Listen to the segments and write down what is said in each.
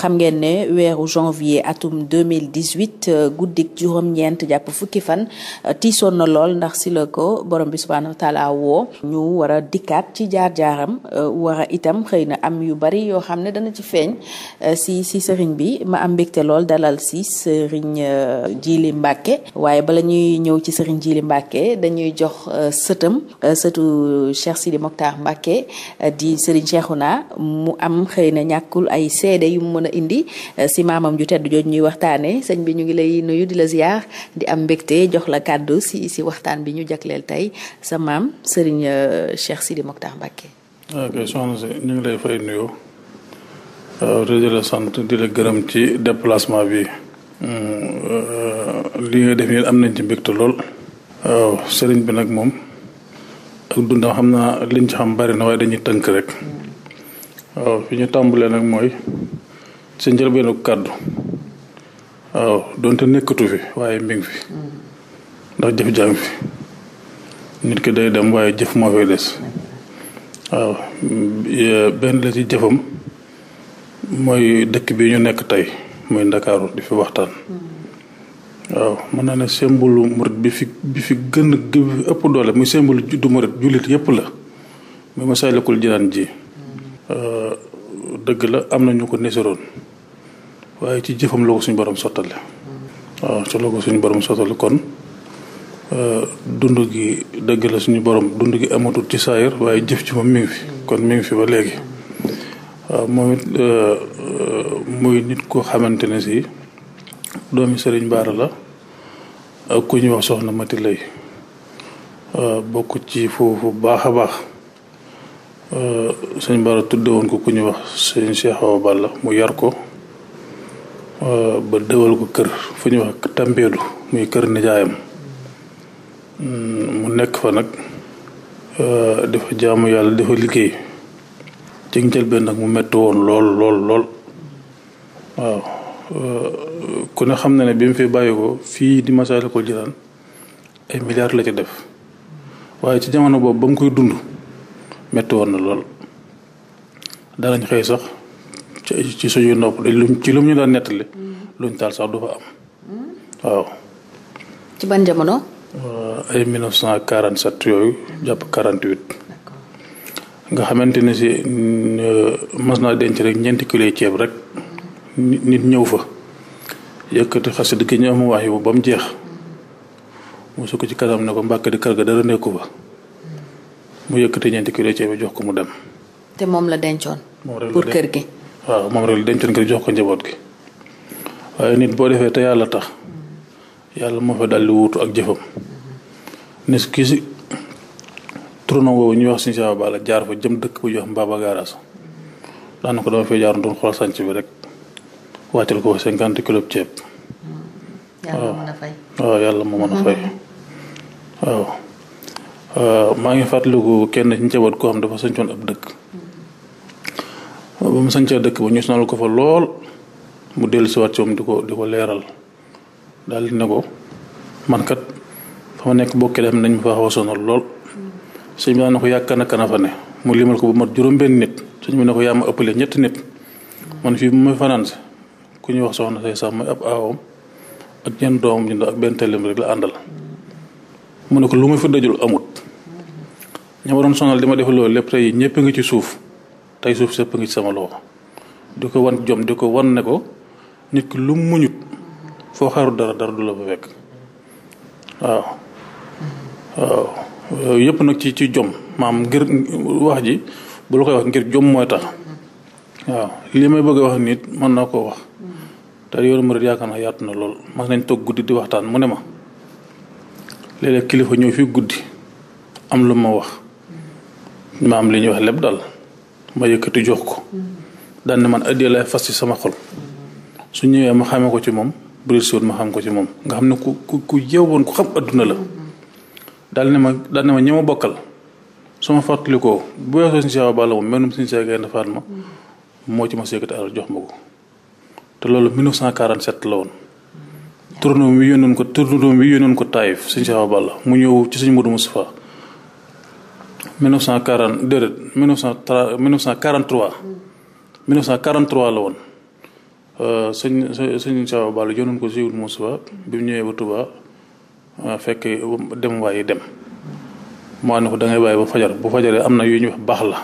xam ngeen ne weeru janvier atum 2018 euh, guddik juróom-ñeent jàpp fukki fan euh, tiisoon na lool ndax si la ko borom bi subhaanahu wa taala woo ñu war a dikkaat ci jaar-jaaram euh, war itam xëy na am yu bari yoo xam ne dana ci feeñ si si sëriñ bi ma am mbégte lool dalal si sëriñ jiili Mbàkke waaye bala ñuy ñëw ci sëriñ Jili Mbàkke dañuy jox sëtam sëtu Cheikh Sidi Mokhtar Mbàkke di sëriñ Cheikhouna mu am xëy na ñàkkul ay seede yu mu a indi euh, si maamam ju tedd jooju ñuy waxtaanee sëñ bi ñu ngi lay nuyu di la ziar di am mbégte jox la kàddu si si waxtaan bi ñu jagleel tey sa maam Serigne euh, Cheikh Sidi Mokhtar Mbacké. ok soxna si ñu ngi lay fay nuyoo euh, di la sant di la gërëm ci déplacement bi. Hmm, li nga def nii am nañ ci mbégte lool. waaw sëriñ bi nag moom ak dundam xam naa liñ ci xam bari na waaye dañuy tënk rek hmm. waaw fi ñu tàmbalee nag mooy sa njëlbeenu kàddu waaw donte nekkatu fi waaye mi ngi fi ndax jëf jàng fi nit ki day dem waaye jëf moo fay des waaw benn la ci jëfam mooy dëkk bi ñu nekk tey muy ndakaaru di fi waxtaan waaw mën naa ne symbole murit bi fi bi fi gën ëpp doole muy symbole juddu murit jullit yëpp la muy Masaalikul Jinaan ji dëgg la am na ñu ko neseroon waaye ci jëfam loo ko suñu borom sottale waaw ci la ko suñu borom sottale kon euh, dund gi dëgg la suñu borom dund gi amatul ci saayir waaye jëf ci moom mi fi kon mi ngi fi ba léegi moom it euh, euh, muy nit ko xamante ne si doomi Sëriñ Baara la ak ku ñuy wax soxna Mati Lay bokk ci foofu baax a baax sëñ Baara tudde woon ko ku ñuy wax sëñ Cheikh Awa Balla mu yar ko Euh, ba dëwal ko kër fu ñuy wax Tambédou muy kër nijaayam mm, mu nekk fa nag euh, dafa jaamu yàlla dafa liggéey ci njëlbeen nag mu metti woon lool lool lool waaw euh, ku ne xam na ne bi mu fi bàyyi ko fii di Masaalikul Jinaan ay milliards la ci def waaye ci jamono boobu ba mu koy dund metti woon na lool danañ xëy sax ci suñu nopp lu ci lum ñu doon nettali. luñ taal sax du fa am waaw. ci ban jamono. Euh, ay 1947 yooyu jàpp 48. Mm-hmm. nga xamante ne si euh, mas naa denc rek ñeenti kilo ceeb rek. nit ñëw fa. yëkkati xasida gi ñu am wax ba mu jeex. Mm-hmm. mu sukk ci kanam ne ko mbàkk di kër ga dara nekku fa. Mm-hmm. mu yëkkati ñeenti kilo ceeb jox ko mu dem. te moom la dencoon. pour kër gi. waaw moom rek dencoon ngir jox ko njaboot gi waaye nit boo defee te yàlla tax yàlla moo dal daldi wuutu ak jëfam nes kii si tournant woowu ñuy wax suñu saa jëm dëkk bu ñuy wax Mbaba Garaas daanaka jaar doon xool sànc rek wàccal ko cinquante kilos ceeb. Mm, waaw yàlla moo mën fay. waaw maa ngi fàttaliku kenn ci njaboot koo xam dafa sëncoon ab dëkk. ba mu sancee dëkk ba ñu sonal ko fa lool mu dellu si waat di ko di ko leeral daal ne ko man kat fa ma nekk bokki dem nañ ma fa xaw a lool sëñ bi na ko yàgg kana kana fa ne mu limal ko bu mat juróom-benn nit suñ bi ne ko yaa ma ëppale ñetti nit man fii bu ma fanaan ku ñuy wax soxna say sax mooy ab aawam ak ñenn doomam ñu ak benn tëlem rek la àndal mu ne ko lu muy fi dajul amut ña ma doon sonal di ma def loolu lépp tey ñëpp ngi ci suuf. tey suuf sëpp ngi sama loxo di ko wan jom di ko wan ne ko nit ki lu muñut foo xaru dara dara du la fa fekk waaw waaw yëpp nag ci ci jom maam ngir wax ji bu la koy wax ngir jom mooy tax waaw li may bëgg a wax nit mën naa koo wax te yoonu ma yaakaar naa yaatu na lool mas nañ toog guddi di waxtaan mu ne ma léeg kilifa ñëw fii guddi am lu ma wax maam li ñuy wax lépp daal ma yëkkati jox ko daan ne man addiya lay fas ci sama xol su ñëwee ma xamee ko ci moom bu dee ma xam ko ci moom nga xam ne ku ku ku woon ku xam adduna la daal ne ma daal ne ma ñi ma bokkal su ma fàttalikoo bu weesoo suñu Cheikh Balla moom menum suñu Cheikh Gaynde Fatma moo ci ma yëkkati jox ma ko loolu 1947 la woon. tournée bi yónnoon ko tournée bi yónnoon ko Taïf suñu Cheikh mu ñëw ci suñu Modou Moustapha 1940 déedéet 1930 1943. 1943 la woon euh, sëñ sëñ Saba Balla jonoon ko Siwul Moussa bi mu ñëwee ba Touba euh, fekk dem waaye dem. moo ne ko da ngay bàyyi ba fajar bu fajaree am na yu ñuy wax baax la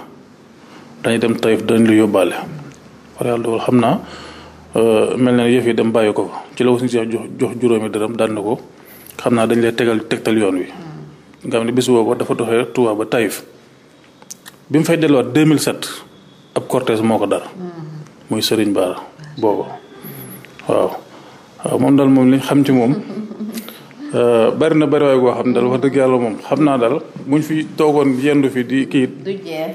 dañuy dem tayif dañ lu yóbbaale. wala yàlla dogal xam naa euh, mel na ne yëf yi dem bàyyi ko ci la ko jox jox juróomi dërëm daan na ko xam naa dañ lay tegal tegtal yoon wi. nga xam ne bis boobu dafa doxee Touba ba Taïf bi mu fay delluwaat 2007 ab cortège moo ko dar muy Serigne Bara boobu waaw waaw moom daal moom li xam ci moom euh, bari na bari waay goo xam ne daal wax dëgg yàlla moom xam naa daal buñ fi toogoon yendu fi di kii. du jeex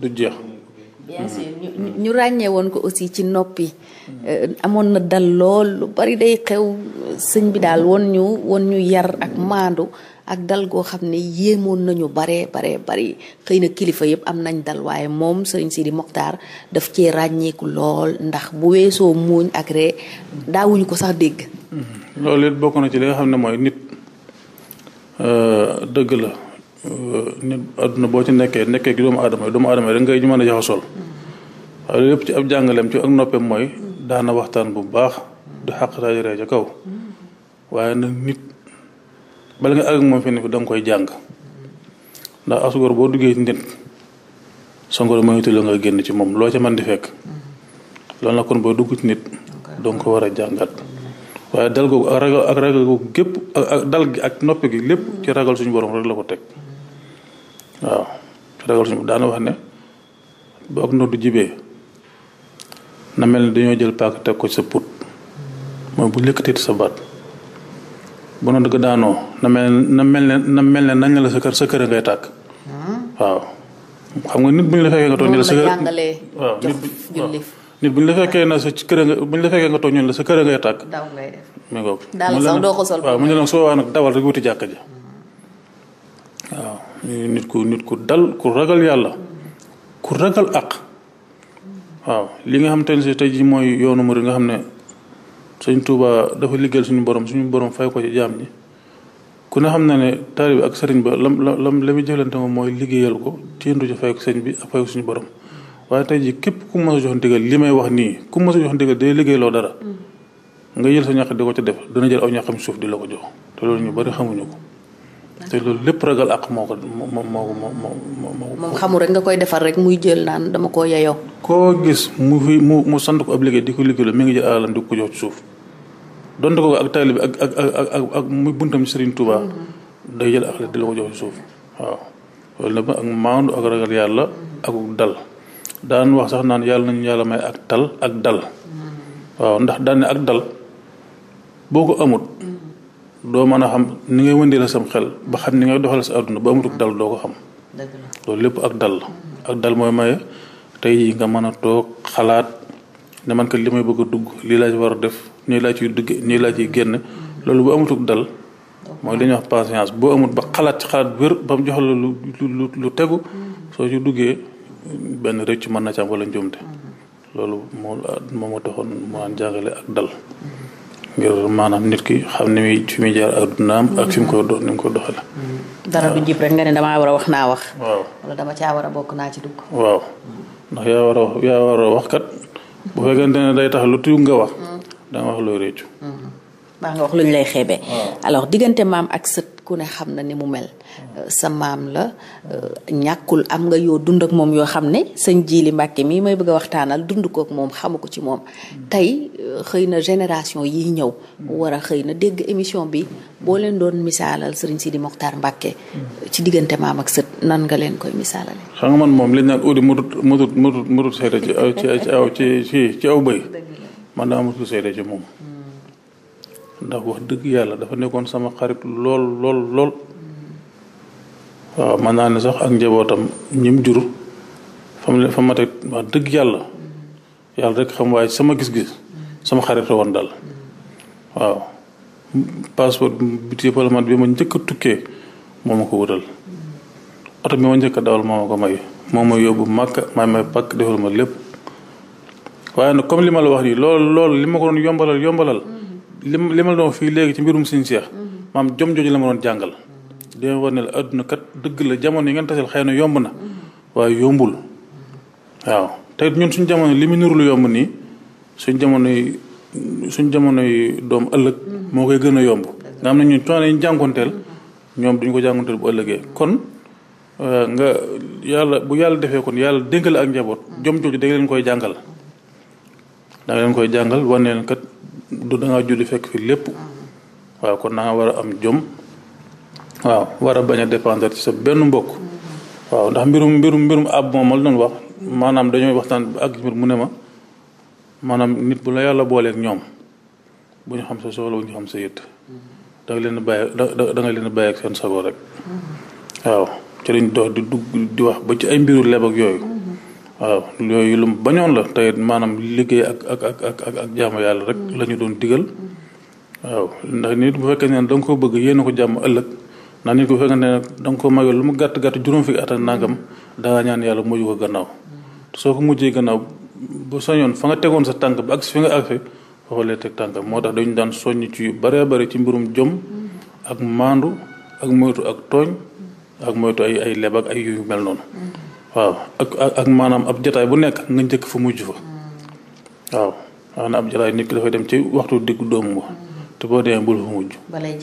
du jeex. bien ñu ràññee woon ko aussi ci noppi. Euh, amoon na dal lool lu bari day xew sëñ bi daal woon ñu won ñu yar ak maandu. ak dal goo xam ne yéemoon nañu bare bare bari xëy na kilifa yëpp am nañ dal waaye moom sëriñ Sidi Mokhtar daf ci ràññeeku lool ndax bu weesoo muuñ ak ree daawuñu ko sax dégg. Mm-hmm. loolu it ci li nga xam ne mooy nit euh, dëgg la euh, nit boo ci nekkee nekkee gi doomu aadama yi doomu aadama yi da a jaxasool mm-hmm. waaye loolu yëpp ci ab jàngaleem ci ak noppam mooy daana waxtaan bu baax du xàq rajo ca kaw mm-hmm. waaye nag nit. bala nga àgg moom fenn fi da koy jàng ndax asgor boo duggee ci nit sa ngor moytu la nga génn ci moom loo ca man di fekk mm-hmm. loolu nag kon boo dugg ci nit danga ko war a jàngat mm-hmm. waaye dal googu ak ragal gépp ak gi ak noppi gi lépp mm-hmm. ci ragal suñu borom rek la ko teg waaw ci ragal suñu daana wax ne bu ak noddu jibee na mel ne dañoo jël paak teg ko ci sa put mooy bu lëkkatee sa baat bu na dëgg daanoo na mel na mel ne na mel ne nañ la sa kër sa kër ngay tàkk. Hmm? waaw xam nga nit bu ñu la fekkee nga toog ñu la sa kër waaw nit nit bu ñu fekkee na sa kër nga bu ñu la fekkee sa kër ngay tàkk. daw doo ko sol mu ne la soo waa nag dawal rek wuti jàkka ji. Hmm. waaw nit ku nit ku dal ku ragal yàlla ku ragal àq. Hmm. waaw li nga xam te ne si tey jii mooy yoonu murid nga xam ne. sëñ tuubaa dafa liggéeyal suñu borom suñu borom fay ko ci jaam ñi ku ne xam na ne bi ak sëriñ ba lam lam la muy jëflante moom mooy liggéeyal ko téendu ci fay ko bi ak fay suñu borom waaye tey jii képp ku mos a jox ndigal li may wax nii ku mos a jox ndigal day liggéeyloo dara mm. nga jël sa ñaq di ko ca def dana jël aw ñàqam suuf di la ko jox te loolu ñu bari xamuñu ko te loolu lépp ragal ak moo ko moo moo moom xamul rek nga koy defar rek muy jël naan dama koo yeyoo. koo gis mu fi mu mu sant ko obligé di ko liggéeyal mi ngi jël ko jox ci suuf ko ak taalibe ak ak buntam Serigne Touba. Mm-hmm. day jël di la ko jox suuf waaw. loolu nag ak maandu ak ragal yàlla ak dal daan wax sax naan yàlla nañu yàlla may ak tal ak dal mm-hmm. waaw ndax daan ne ak dal boo ko amut. doo mën a xam ni ngay wëndeela sam xel ba xam ni ngay doxal sa àdduna ba amatul dal doo ko xam loolu lépp ak dal la ak dal mooy maye tey jii nga mën a toog xalaat ne man ka li may bëgg a dugg lii laaj war a def nii laa ciy dugg nii laa ciy génn loolu bu amatul dal mooy li ñuy wax patience boo amut ba xalaat ci xalaat wér ba mu jox la lu lu lu tegu soo ci duggee benn rek rëcc mën na ci am njuumte mm-hmm. loolu moo moo ma taxoon mu naan jàngale ak dal ngir maanaam nit ki xam ni muy fi muy jaar addunaam ak fi mu ko doon ni mu ko doxale dara du jib rek nga ne damaa war a wax naa wax. waaw wala dama caa war a bokk naa ci dugg. waaw ndax yaa war a wax a kat. bu fekkente ne day tax lu tuug nga wax. Mm-hmm. da nga wax looy réccu. baax mm-hmm. nga wax luñ lay xeebee. alors diggante maam ak sët ku ne xam na ni mu mel euh, sa maam la euh, ñàkkul am nga yoo dund ak moom yoo xam ne sëñ Jili Mbàkke mii may bëgg a waxtaanal dund kook moom xamu ko ci moom tey euh, xëy na génération yi ñëw war a xëy na dégg émission bi boo leen doon misaalal sëriñ Sidi Mokhtar Mbàkke ci diggante maam ak sët nan nga leen koy misaalale xam nga man moom liñ naan audi mudut mudut mudut mudut seede ci aw ci aw ci ci aw bëy man daa mutul seede ci moom ndax wax dëgg yàlla dafa nekkoon sama xarit lool lool lool waaw mën naa ne sax ak njabootam ñim jur fa mu fa ma wax dëgg yàlla yàlla rek xam waaye sama gis-gis sama xarit la woon daal waaw passeport bi diplomate bi ma njëkk tukkee moo ma ko oto bi ma njëkk dawal moo ma may moo ma yóbbu màkk may may pàkk defal lépp waaye nag comme li ma la wax nii lool lool li ma ko doon yombalal yombalal li li ma doon fii léegi ci mbirum Sëriñ Seex maam jom jooju la ma doon jàngal dina war àdduna kat dëgg la jamono yi ngeen taseel xëy na yomb na waaye yombul waaw suñ jamono li mu nuru lu nii suñ jamono yi suñ jamono doom ëllëg moo koy gën a yomb nga xam ne ñun ñoom duñ ko jànkonteel bu ëllëgee kon euh, nga yàlla bu yàlla defee kon yàlla dénkale ak njaboot jom jooju da leen koy jàngal da koy jàngal kat du danga julli fekk fi lépp waaw kon da war a am jom waaw war a bañ a dépendre ci sa benn mbokk waaw ndax mbirum mbirum mbirum ab moom ma la doon wax maanaam dañoo waxtaan ak mbir mu ne ma maanaam nit bu la yàlla booleeg ñoom bu ñu xam sa solo bu ñu xam sa yët da nga leen bàyyi da nga leen bàyyi ak seen sago rek mm-hmm. waaw ci lañ dox di dugg di wax ba ci ay mbiru leb yooyu waaw yooyu lu bañoon la tey maanaam liggéey ak ak ak ak jaamu yàlla rek mm. lañu doon digal waaw ndax nit bu fekkee ne da ko bëgg yéen ko jàmm ëllëg ndax nit bu fekkee ne da nga ko mayoon lu mu gàtt gàtt juróom fi at ak nangam dangaa ñaan yàlla mujj ko gannaaw mm. soo ko mujjee gannaaw bu soñoon fa nga tegoon sa tànk ba agsi fi nga agsi foofa lay teg tànkam moo tax dañu daan soññ ci yu baree bari ci mbirum jom mm. ak maandu ak moytu ak tooñ ak moytu ay leb ak yu mel noonu waaw ak ak maanaam ab jotaay bu nekk nga njëkk fa mujj fa waaw maanaam ab jotaay nit ki dafay dem ci waxtu digg doom ba te boo demee bul fa mujj. balay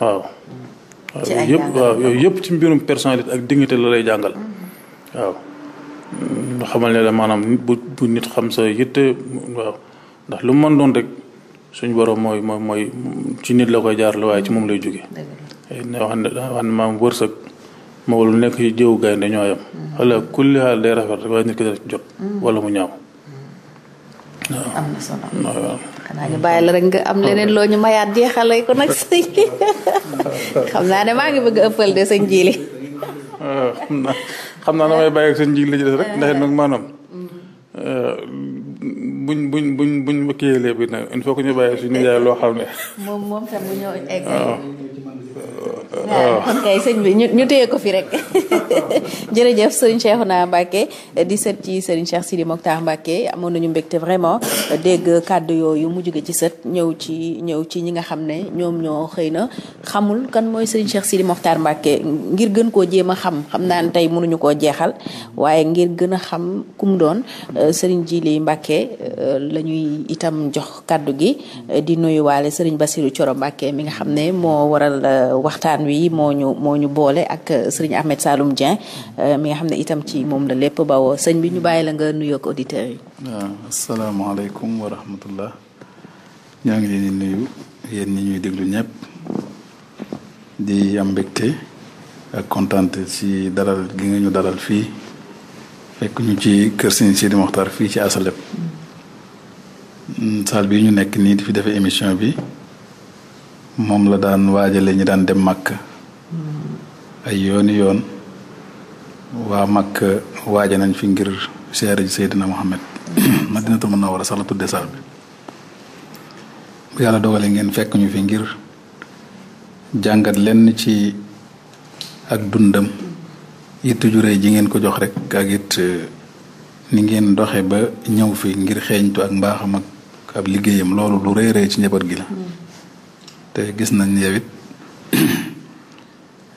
waaw. Mm. ci yëpp waaw yooyu yëpp ci mbirum personnalité ak dignité la lay jàngal. Mm-hmm. waaw mm, xamal ne la maanaam bu bu nit xam sa yitte waaw ndax lu mu mën doon rek suñu borom mooy mooy mooy ci nit la koy jaarale waaye ci moom lay jóge. Eh, ne wax ne maam wërsëg. moo lu nekk ci jëwu gaynde ñoo yem ala kulli xaal day rafet rek waaye nit ki dana jot mm. wala mu ñaaw mm. xanaa ñu bàyyi rek nga am leneen loo ñu mayaat jeexale ko nag sëñ xam naa ne maa ngi bëgg a ëppal de sëñ jiili ah, xam naa damay bàyyi ak sëñ jiili la ci des rek ndax nag maanaam mm. euh, buñ buñ buñ buñ ma kiyalee bi nag il faut que bàyyi suñu yaay loo xam ne waaw kon kay sëñ bi ñu téye ko fi rek jërëjëf sëñ Cheikhouna Mbacké di sët ci sëriñ Cheikh Sidi Mokhtar Mbacké amoon nañu mbégte vraiment dégg kàddu yooyu mu ci sët ñëw ci ñëw ci ñi nga xam ne ñoom ñoo xëy na xamul kan mooy sëriñ Cheikh Sidi Mokhtar Mbacké ngir gën koo jéem a xam xam naa ne tey mënuñu koo jeexal waaye ngir gën a xam ku mu doon euh, sëriñ Djily Mbacké euh, la ñuy itam jox kàddu gi di nuyuwaale sëriñ Bassirou Thioro Mbacké mi nga xam ne moo waral euh, waxtaan waxtaan wi moo ñu moo ak euh, sëriñ Ahmed Saloum Dieng euh, mi nga xam ne itam ci moom la lépp sëñ bi ñu bàyyi la nga nuyoog auditeurs yi. waaw asalaamaaleykum wa rahmatullah ñaa ngi nuyu yéen ñi ñuy déglu ñëpp di am mbégte ak kontaante ci gi nga dalal fii fekk ci kër Sëriñ Sidi Moxtaar fii ci Asalem hmm, saal bi ñu nekk nii di fi defee émission bi. moom la daan waajale ñi daan dem màkk ay yooni yoon waa màkk waaja nañ fi ngir seere ji Seydina Muhammad mm-hmm. Madinatul Munawwara sax la tudde sar bi bu yàlla dogalee ngeen fekk ñu fi ngir jàngat lenn ci ak dundam it jure ji ngeen ko jox rek ak it eh, ni ngeen doxe ba ñëw fi ngir xeeñtu ak mbaaxam ak ab liggéeyam loolu lu rëy rëy ci njaboot gi la mm-hmm. te gis na yow it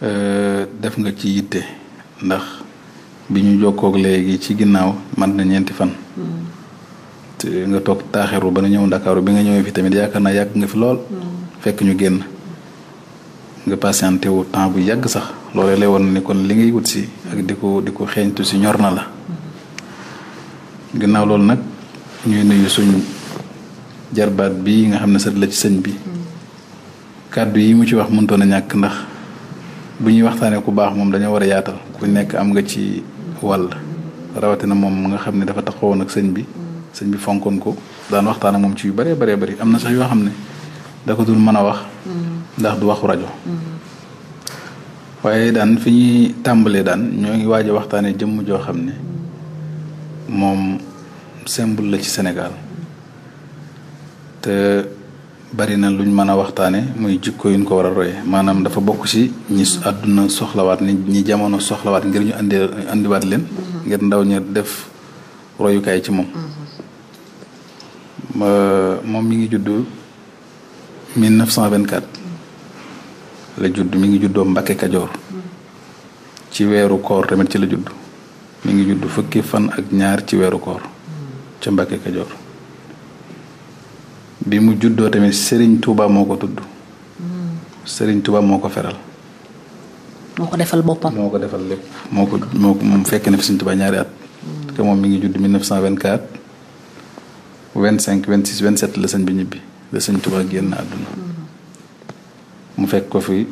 euh, def nga ci yitte ndax bi ñu jokkoog léegi ci ginnaaw man na ñeenti fan. Mm. te nga toog taaxeeru ba nga ñëw ndakaaru bi nga ñëwee fi tamit yaakaar naa yàgg nga fi lool. Mm. fekk ñu génn nga patienté wu temps bu yàgg sax loolee woon ni kon li ngay wut si ak di ko di ko xeeñtu si ñor na la. Mm. ginnaaw loolu nag ñuy nuyu suñu jarbaat bi nga xam ne sët la ci sëñ bi. kàddu yi mu ci wax mënutoon a ñàkk ndax bu ñuy waxtaanee ku baax moom dañoo war a yaatal ku nekk am nga ci wàll rawatina moom nga xam ne dafa woon ak sëñ bi sëñ bi fonkoon ko daan waxtaan ak moom ci yu bare bëree bëri am na sax yoo xam ne da dul mën a wax ndax du waxu rajo waaye daan fi ñuy tàmbalee daan ñoo ngi waaja waxtaanee jëmm joo xam ne moom symbole la ci senegal te bari na luñ mën a waxtaane muy jikko yuñ ko war a roye maanaam dafa bokk ci ñi àdduna soxlawaat ni ñi jamono soxlawaat ngir ñu andi andiwaat leen ngir ndaw ñi def royukaay ci moom moom mi ngi juddu 1924 la judd mi ngi juddoo Mbakke Kajoor ci weeru koor tamit ci la judd mu ngi juddu fukki fan ak ñaar ci weeru koor ca Mbakke Kajoor bi mu juddoo tamit Serigne Touba moo ko tudd. sëriñ Touba moo ko feral. moo ko defal boppam moo ko defal lépp moo ko moo ko moom fekk na fi Serigne Touba ñaari at. Mm. te moom mi ngi judd 1924 25 26 27 la sëñ bi ñibbi la sëñ Touba génn àdduna. Mm-hmm. mu fekk ko fi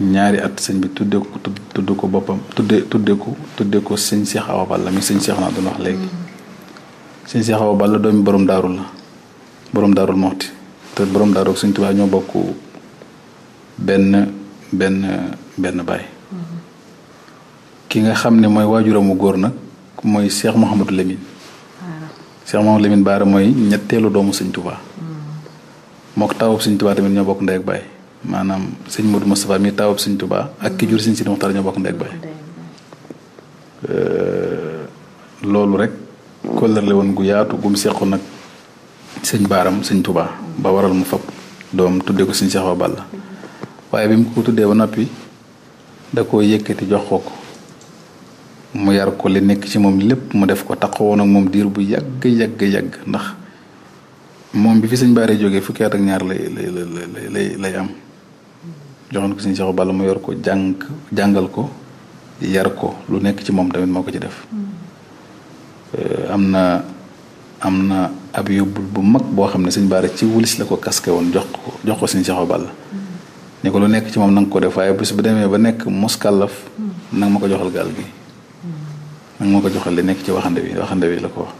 ñaari at sëñ bi tuddee ko tudd ko boppam tuddee tuddee ko tuddee ko sëñ Cheikh Awa Balla mi sëñ Cheikh naa doon wax léegi. Mm-hmm. sëñ Cheikh Awa Balla doomi borom daaru la. borom daarul moxti te borom daaru ak Sëñ Tuubaa ñoo bokk benn benn benn mm-hmm. nga xam ne mooy waajuramu góor nag mooy Cheikh Mouhamadou Lamine Cheikh Mouhamadou Lamine mooy ñetteelu doomu Sëñ Tuubaa mm-hmm. moo ko taawub tamit ñoo bokk ndey ak baay maanaam sëñ Modou Moustapha mi taawub Sëñ Tuubaa ak ki jur Sëñ Sidi Moxtaar euh, loolu rek kóllëre la woon gu yaatu gum sequ nag sëñ baaram sëñ tubaa ba waral mu fab doom tudde ko sëñ saxo Balla waaye bi mu ko tuddee ba noppi da ko yëkkati jox ko ko mu yar ko li nekk ci moom lépp mu def ko taxawoon ak moom diir bu yàgg yàgg yàgg ndax moom bi fi sëñ baare jógee fukki at ak am joxoon ko sëñ Seex mu yor ko jàng jàngal ko yar ko lu nekk ci moom tamit moo ko ci def mm. eh, am na am na ab yóbbul bu mag boo xam ne sëñ Baara ci wulis la ko kaske woon jox ko jox ko sëñ Cheikh Balla ni ko lu nekk ci moom na ko def waaye bu demee ba nekk muskàllaf nanga ma ko joxal gaal gi nanga ma ko joxal li nekk ci waxande bi waxande wi la ko wax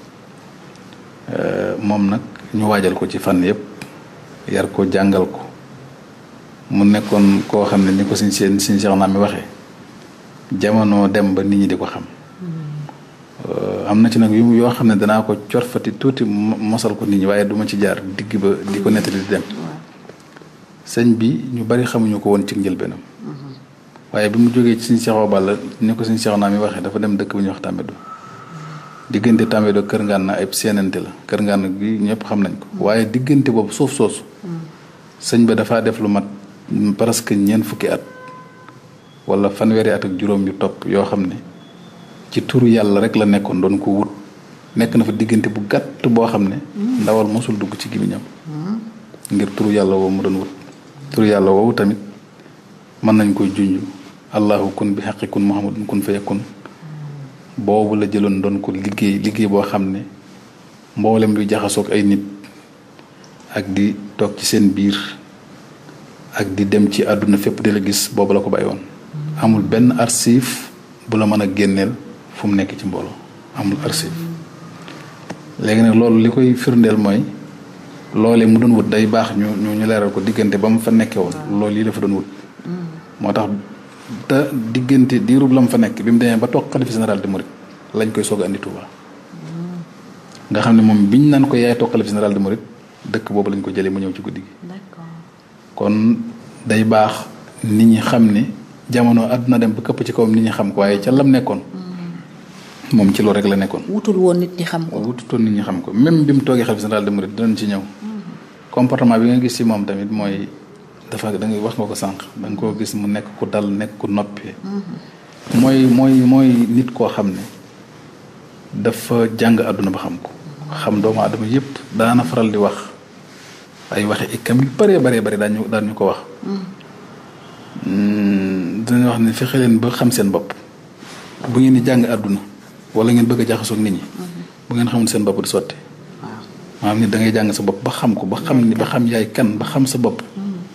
euh, moom nag ñu waajal ko ci fànn yëpp yar ko jàngal ko mu nekkoon koo xam ne ni ko sëñ seen sëñ Cheikh naa mi waxe jamono dem ba nit ñi di ko xam Euh, am na ci nag yu yoo xam ne danaa ko corfati tuuti mosal ko nit ñi waaye duma ci jaar digg ba di ko nettali di dem sëñ bi ñu bari xamuñu ko woon ci njëlbeenam mm-hmm. waaye bi mu jógee ci suñ Seexu Balla ni ko suñ Seexu naa mi waxee dafa dem dëkk bu ñuy wax Tàmbedu diggante Tàmbedu Kër na ay seenante la Kër Ngànna bi ñëpp xam nañ ko waaye diggante boobu suuf soosu mm-hmm. sëñ ba dafa def lu mat presque ñeent fukki at wala fanweeri at ak juróom yu yoo xam ne ci turu yàlla rek la nekkoon doon ko wut nekk na fa diggante bu gàtt boo xam ne mm. ndawal mosul dugg ci gémmiñam mm. ngir turu yàlla woowu mu doon wut turu yàlla woowu tamit mën nañ koy junj allahu kun bi xaqi kun muhammadun kun fayakun mm. boobu la jëloon doon ko liggéey liggéey boo xam ne mboolem luy jaxasoog ay nit ak di toog ci seen biir ak di dem ci àdduna fépp di la gis boobu la ko bàyyi amul benn archive bu la mën a génneel fu mu nekk ci mbooloo amul archive léegi nag loolu li koy firndeel mooy loolee mu doon wut day baax ñu ñu ñu leeral ko diggante ba mu fa nekkee woon loolu yi dafa doon wut mm. moo tax te diggante diirub la mu fa nekk bi mu demee ba toog xalifa général de Mouride lañ koy soog a andi mm. nga xam ne moom biñ naan ko yaay toog xalifa général de Mouride dëkk boobu lañ ko jëlee mu ñëw ci guddi gi kon day baax nit ñi xam ne jamono àdduna dem ba këpp ci kawam ni ñi xam ko waaye ca lam nekkoon mm. moom ci loolu rek la nekkoon. wutul woon nit ñi xam ko. wututoon nit ñi xam ko même bi mu toogee xalifa général des mourides dinañ ci ñëw. Mm-hmm. comportement bi nga gis ci moom tamit mooy dafa da nga wax nga ko sànq da koo gis mu nekk ku dal nekk ku mm-hmm. mooy mooy nit koo xam ne dafa jàng àdduna ba xam ko. xam doomu aadama yëpp daana faral di wax ay waxi ikam yu bëree bëree bëri daañu daañu ko wax. Mm-hmm. Mm, dinañ wax ne fexe leen ba xam seen bopp bu ngeen di jàng àdduna. wala ngeen bëgg a jaxasoog nit ñi bu ngeen xamul seen bopp du sotti maanaam nit da ngay jàng sa bopp ba xam ko ba xam ni ba xam yaay kan ba xam sa bopp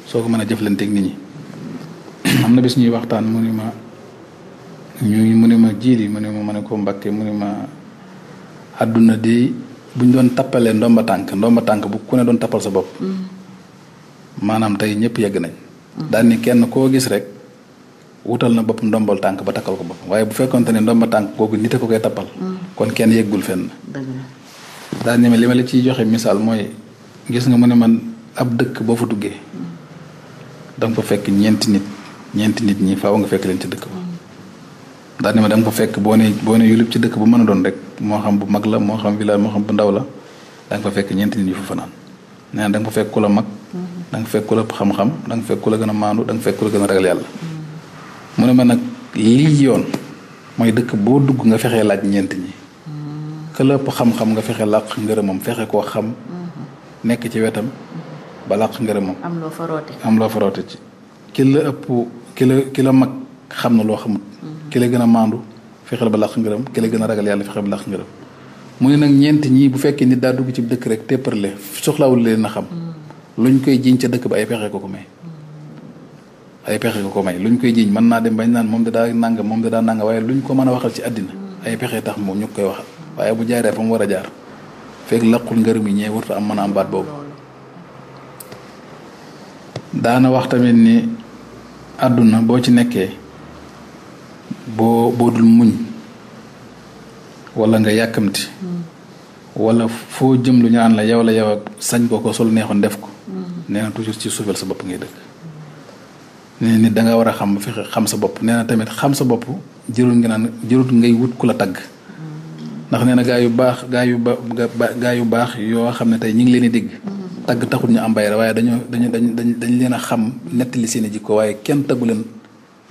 soo ko mën a jëflanteeg nit ñi mm-hmm. am na bis ñuy waxtaan mu ni ma ñu mu ni ma jiili mu ni ma ma ne ko mbakke mu ni ma àdduna di bu ñu doon tappalee ndomba tànk ndomba tànk bu ku ne doon tappal sa bopp mm-hmm. maanaam tey ñëpp yegg nañ mm-hmm. daal ni kenn koo gis rek wutal na bopp ndombal tànk ba takkal ko boppam waaye bu fekkonte ne ndomba tànk kooku nite ko koy tappal mm. kon kenn yeggul fenn daal ma li ma la ciy joxe misaal mooy gis nga mu ne man ab dëkk boo fa duggee mm. danga fa fekk ñeenti nit ñeenti nit ñi faaw nga fekk leen ci dëkk ba mm. daal ne danga fa fekk boo ne boo ne yulub ci dëkk bu mën a doon rek moo xam bu mag la moo xam village moo xam bu ndaw la danga fa fekk ñeenti nit ñu fa fanaan nee na danga fa mag danga fekk ku mm-hmm. xam-xam danga fekk ku gën a maandu danga fekk ku la gën a ragal yàlla mu ne ma nag lii yoon mooy dëkk boo dugg nga fexee laaj ñeent ñi ka lépp xam-xam nga fexe làq ngërëmam fexe koo xam mm-hmm. ci wetam mm-hmm. ba làq ngërëmam am loo fa roote am loo fa roote la ëpp ki la mag xam na loo xamut mm-hmm. ki gën a maandu fexeel ba làq ngërëm ki gën a ragal yàlla fexe ba làq ngërëm mu ne nag ñeent ñii bu fekkee nit daa dugg ci dëkk rek tépparle soxlawul leen na xam luñ koy jiñ ca dëkk ba ay pexe ko ko may ay pexe nga ko may ñu koy jiiñ mën naa dem bañ naan moom da daa nangam moom da daa nangam waaye luñ ko mën a waxal ci àddina ay pexe tax moom ñu koy waxal waaye bu jaaree fa mu war a jaar fekk laqul ngërëm yi ñee warta am mën a am baat boobu daana wax tamit ni àdduna boo ci nekkee boo boo dul muñ wala nga yàkkamti wala foo jëm lu ñaan la yow la yow sañ ko ko sol neexoon def ko mm-hmm. nee toujours ci suufel sa bopp ngay dëkk ne nit da nga war a xam fexe xam sa bopp nee na tamit xam sa bopp jërul nga naan jërut ngay wut ku la tagg ndax nee na gaa yu baax gaa yu ba gaa yu baax yoo xam ne tey ñu ngi leen di dégg tagg taxul ñu am bayra waaye dañoo dañu dañ dañ dañ leen a xam nettali seen i jikko waaye kenn taggu leen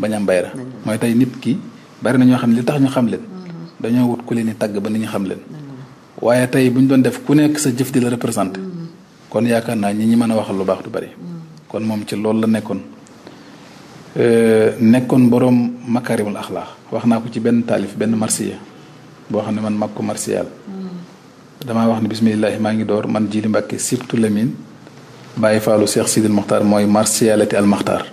bañ am bayra mooy tey nit ki bari na ñoo xam ne li tax ñu xam leen dañoo wut ku leen tagg ba ni ñu xam leen waaye tey bu ñu doon def ku nekk sa jëf di la représenté kon yaakaar naa ñi ñi mën a waxal lu baax du bari kon moom ci loolu la nekkoon Euh, nekkoon borom makarimul axlaax wax naa ko ci benn taalif benn marsiya boo xam ne man mag ko marsiyal hmm. damaa wax ne bisimilahi maa ngi door man jili mbàkke sibtu lamin bàyyi faalu Cheikh Sidil Mokhtar mooy marsiyalati al Mokhtar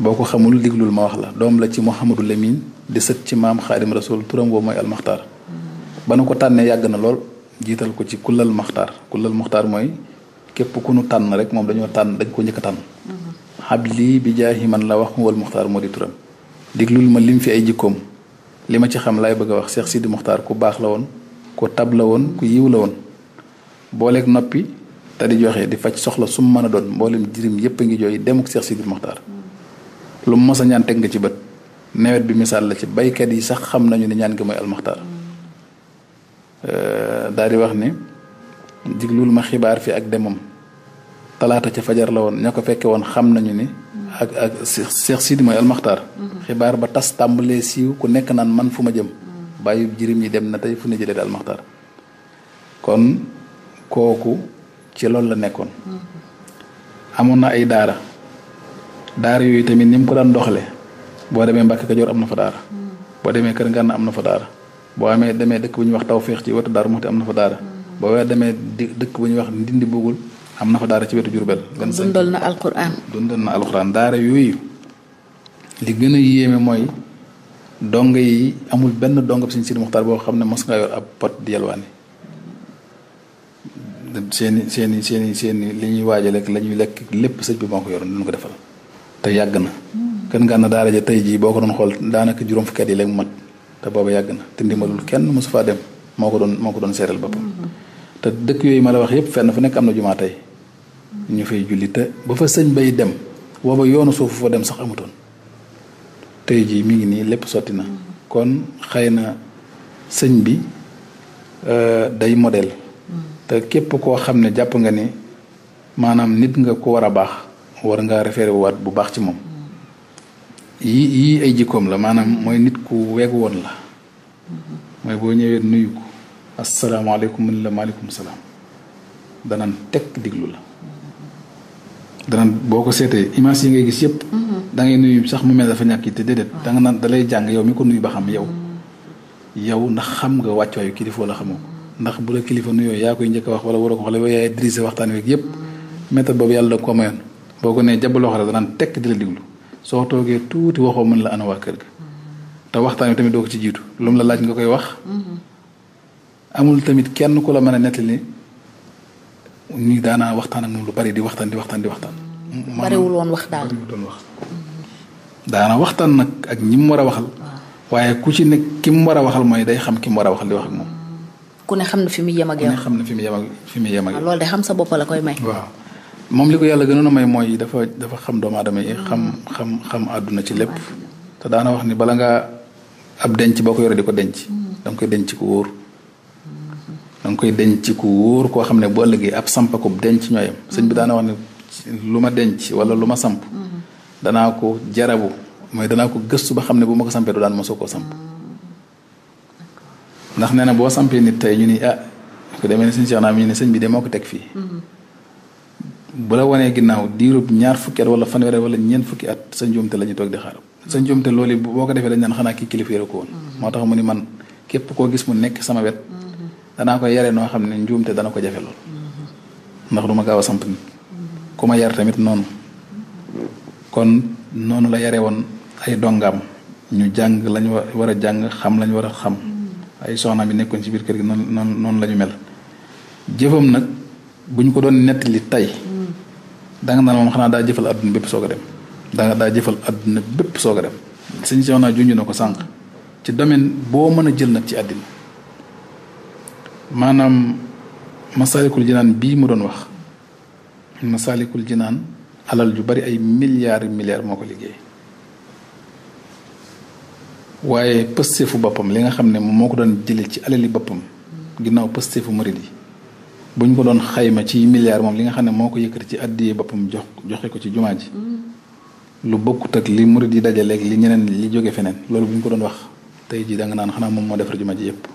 boo ko xamul diglul ma wax la doom la ci Mouhamadou Lamine di sët ci maam Xaadim Rasul turam boobu mooy al hmm. ba nu ko tànnee yàgg na lool jiital ko ci kullal maxtar kullal maxtar mooy képp ku nu tànn rek moom dañoo tànn dañ ko njëkk tànn hmm. lii bi jaahi man la wax wal muxtaar moo di turam diglul ma lim fi ay jikkoom li ma ci xam laay bëgg a wax Cheikh Sidi Muxtaar ku baax la woon ku tab la woon ku yiw la woon booleeg noppi te di joxe di faj soxla su mu mën a doon mboolem jirim yépp a ngi jooy demuk Cheikh Sidi Muxtaar lu mu mos a ñaan teg nga ci bët nawet bi misaal la ci baykat yi sax xam nañu ne ñaan gi mooy almuxtaar mm. euh, daal di wax ne diglul ma xibaar fi ak demam talaata ca fajar la woon ña ko fekkee woon xam nañu ni ak ak Cheikh Sidi mooy almaxtaar xibaar ba tas tàmbalee siiw ku nekk naan man fu ma jëm bàyyi jirim yi dem na tey fu ne jëlee daal almaxtaar kon kooku ci loolu la nekkoon amoon na ay daara daar yooyu tamit ni mu ko daan doxale boo demee Mbàkke Kajoor am na fa daara boo demee Kër Ngànna am na fa daara boo amee demee dëkk bu ñuy wax taw feex ci wetu Daaru Muxti am na fa daara boo demee dëkk bu ñuy wax Ndindi Bugul am na fa daara ci wetu Jurbel. dundal na alquran dundal na alquran daara yooyu li gën a yéeme mooy dong yi amul benn dongam sëñ Sidi Muxtaar boo xam ne mos nga yor ab pot di yalwaani seeni seeni seeni seeni li ñuy waajal ak la ñuy lekk lépp sëñ bi moo ko yoroon duñu ko defal te yàgg na. kën nga na daara ja tey jii boo ko doon xool daanaka juróom fukki yi léegi mu mat te booba yàgg na te ndimbalul kenn mosu faa dem moo ko doon moo ko doon seeral boppam. Mm-hmm. te dëkk yooyu ma la wax yëpp fenn fu nekk am na jumaa ñu fay julli te ba fa sëñ bay dem booba yoonu suufu fa dem sax amutoon tey jii mi ngi nii lépp sotti na kon xëy na sëñ bi euh, day model te képp koo xam ne jàpp nga ni maanaam nit nga ko war a baax war ngaa référé waat bu baax ci moom yii yii ay jikkoom la maanaam mooy nit ku weeg woon la mooy boo ñëwee nuyu ko asalaamaaleykum mën la maaleykum salaam danan tekk diglu la dana boo ko seetee image yi ngay gis yëpp. Mhm. da ngay nuyu sax mu mel dafa ñàkk yitte déedéet. da nga naan da lay jàng yow mi ko nuyu ba xam yow. Mhm. yow ndax xam nga wàccuwaayu kilifa wala xamoo mhm. ndax bu la kilifa nuyoo yaa koy njëkk a wax wala war a wax wala yaay dirigé waxtaan wi yëpp méthode boobu yàlla da ko mayoon boo ko nee jàpp loxo rek danaan tekk di la diglu soo toogee tuuti waxoo mën la ana waa kër ga. te waxtaan wi tamit doo ko ci jiitu lu mu la laaj nga koy wax. amul tamit kenn ku la mën a nettali nii daanaa waxtaan ak moom lu bari di waxtaan di waxtaan di waxtaan. Mm-hmm. bariwul woon wax daal bariwul doon wax. Mm-hmm. daanaa waxtaan nag ak ñi mu war a waxal. waaye ku ci nekk ki mu war a waxal mooy day xam ki mu war a waxal di wax ak moom. ku ne xam na fi mu yem ak xam na fi mu yem ak fi mu yem ak ah, loolu de xam sa bopp la koy may. waaw moom li ko yàlla gënoon na may mooy dafa dafa xam doomu adama yi xam xam xam àdduna ci lépp. Mm-hmm. te daana wax ni bala nga ab denc boo ko yore di ko denc. da nga koy denc ko wóor. ngi koy denc ci ku wóor koo xam ne bu ëllëgee ab sampakub denc ñooyam sëñ bi daana wax ne lu ma denc wala lu ma samp danaa ko jarabu mooy danaa ko gëstu ba xam ne bu ma ko sampee du daan mosoo koo samp ndax nee na boo sampee nit tey ñu ni ah ko demee ne sëñ Cheikh naa bi de moo ko teg fii mm-hmm. bu la wanee ginnaaw diirub ñaar fukki at wala fanweer wala ñeent fukki at sa njuumte la ñuy toog di xaar mm-hmm. sa njuumte loolu boo ko defee dañ naan xanaa kii kilifa ko woon mm-hmm. moo tax danaa ko yare noo xam ne njuumte dana ko jafe lool ndax duma ma gaaw a samp nit ku ma yar tamit noonu kon noonu la yare woon ay dongaam ñu jàng lañu war a jàng xam lañu war a xam ay soxnaam yi nekkoon ci biir kër gi noonu noonu noonu la ñu mel jëfam nag bu ñu ko doon nettali tey da nga naan moom xanaa daa jëfal adduna bépp soog a dem da daa jëfal àdduna bépp soog a dem suñu soxnaa ju na ko sànq ci domaine boo mën a jël nag ci àddina maanaam masaalikul jinaan bii mu doon wax masaalikul jinaan alal yu bari ay milliards milliards moo ko liggéey waaye pësteefu boppam li nga xam ne moo ko doon jële ci alali boppam ginnaaw fu murid yi bu ñu ko doon xayma ci milliards moom li nga xam ne moo ko yëkkati ci àddiyee boppam jox joxe ko ci jumaa ji mm. lu bokkut ak li murid yi dajaleeg li ñeneen li jóge feneen loolu bu ñu ko doon wax tey jii da nga naan xanaa moom moo defar jumaa ji yépp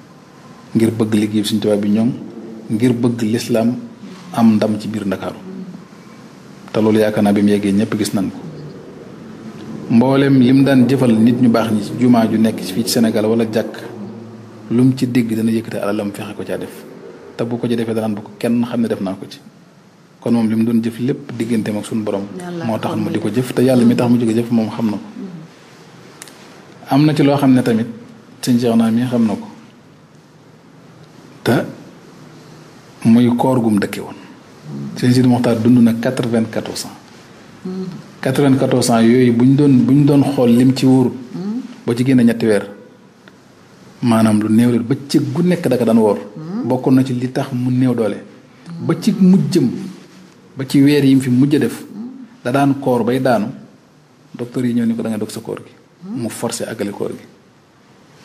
ngir bëgg liggéey suñ tubaab bi ñoom ngir bëgg lislaam am ndam ci biir ndakaaru te loolu yaakaar naa bi mu yeggee ñëpp gis nañ ko mboolem mu daan jëfal nit ñu baax ñi ci jumaa ju fii ci Sénégal wala jàkk lu mu ci dégg dana yëkkate alalam fexe ko caa def te bu ko ci defee danaan bu ko kenn xam ne def naa ko ci kon moom li mu doon jëf lépp digganteem ak suñu borom moo tax mu di ko jëf te yàlla mi tax mu jóge jëf moom xam na ko mm-hmm. am na ci loo xam ne tamit sëñ Cheikh naa mi xam na ko te coor gu mu dëkke woon Sëñ Sidi Moxtaar dund na quatre-vingt-quatorze ans quatre-vingt-quatorze cent yooyu bu ñu doon bu doon xool lim ci wóorut boo ci génne ñetti weer maanaam lu néew ba bëccëg gu nekk daka daan woor bokkoon na ci li tax mu néew doole ba ci mujjëm ba ci weer yi mu fi mujj def da daan koor bay daanu docteur yi ñëw ni ko da dog sa koor gi mu forcé àggale koor gi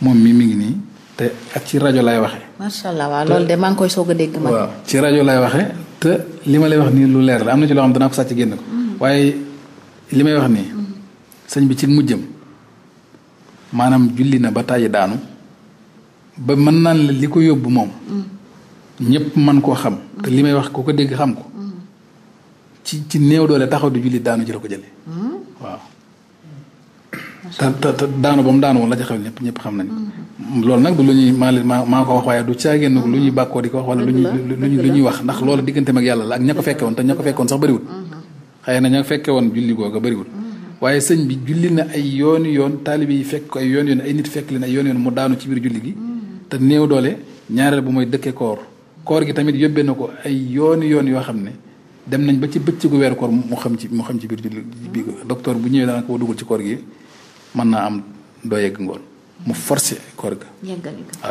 moom mi mi ngi nii te ak ci rajo lay waxe macha allah waaw maa ngi koy soog a dégg. waaw ci rajo waxe te li ma lay wax nii lu leer la am na ci loo xam danaa ko sàcc génn ko. Mm-hmm. waaye li may wax nii. Mm-hmm. sëñ bi ci mujjam maanaam julli na ba tàyyi daanu ba mën naan la li yóbbu moom. Mm-hmm. ñëpp koo xam. te li may wax ku ko xam ko. ci néew doole taxaw di julli daanu ci la ko jëlee. waaw. te te daanu ba mu daanu woon la ca xew ñëpp ñëpp xam loolu nag du lu ñuy maa maa maa ko wax waaye du caagéen nag lu ñuy bàkkoo di ko wax wala lu ñuy lu ñuy wax ndax loolu digganteem ak yàlla la ak ña ko fekke woon te ña ko fekke woon sax bëriwul mm-hmm. xëy na ña ko fekke woon julli googa bëriwul mm-hmm. waaye sëñ bi julli na ay yooni yoon taalibe yi fekk ko ay yoon yoon ay nit fekk leen ay yoon yoon mu daanu ci biir julli gi mm-hmm. te néew doole ñaareel bu mooy dëkkee koor koor gi tamit yóbbee na ko ay yooni yoon yoo xam ne dem nañ ba ci bëccëgu weeru mu xam ci mu xam ci biir julli bi docteur bu ñëwee daanaka boo dugal ci koor gi mën naa am doo ngoon mu force koor ga. waaw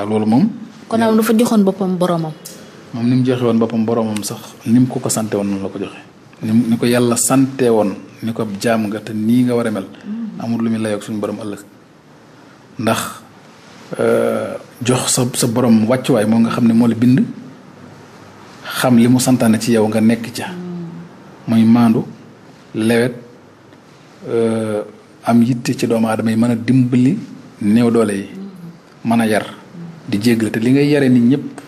ah, loolu moom. kon nag dafa joxoon boppam boromam. moom ni mu joxe woon boppam boromam sax ni mu ko ko sante woon noonu la ko joxe ni ko yàlla sante woon ni ko jaam nga te nii nga war a mel. Mm. amul lu muy layoog suñu borom ëllëg ndax euh, jox sa sa wàccuwaay moom nga xam ne moo la bind xam li mu ci yow nga nekk ca. Mm. muy maandu lewet euh, am yitte ci doomu aadama yi mën a dimbali. néew doole yi mën a yar di jéggal te li ngay yare nit ñëpp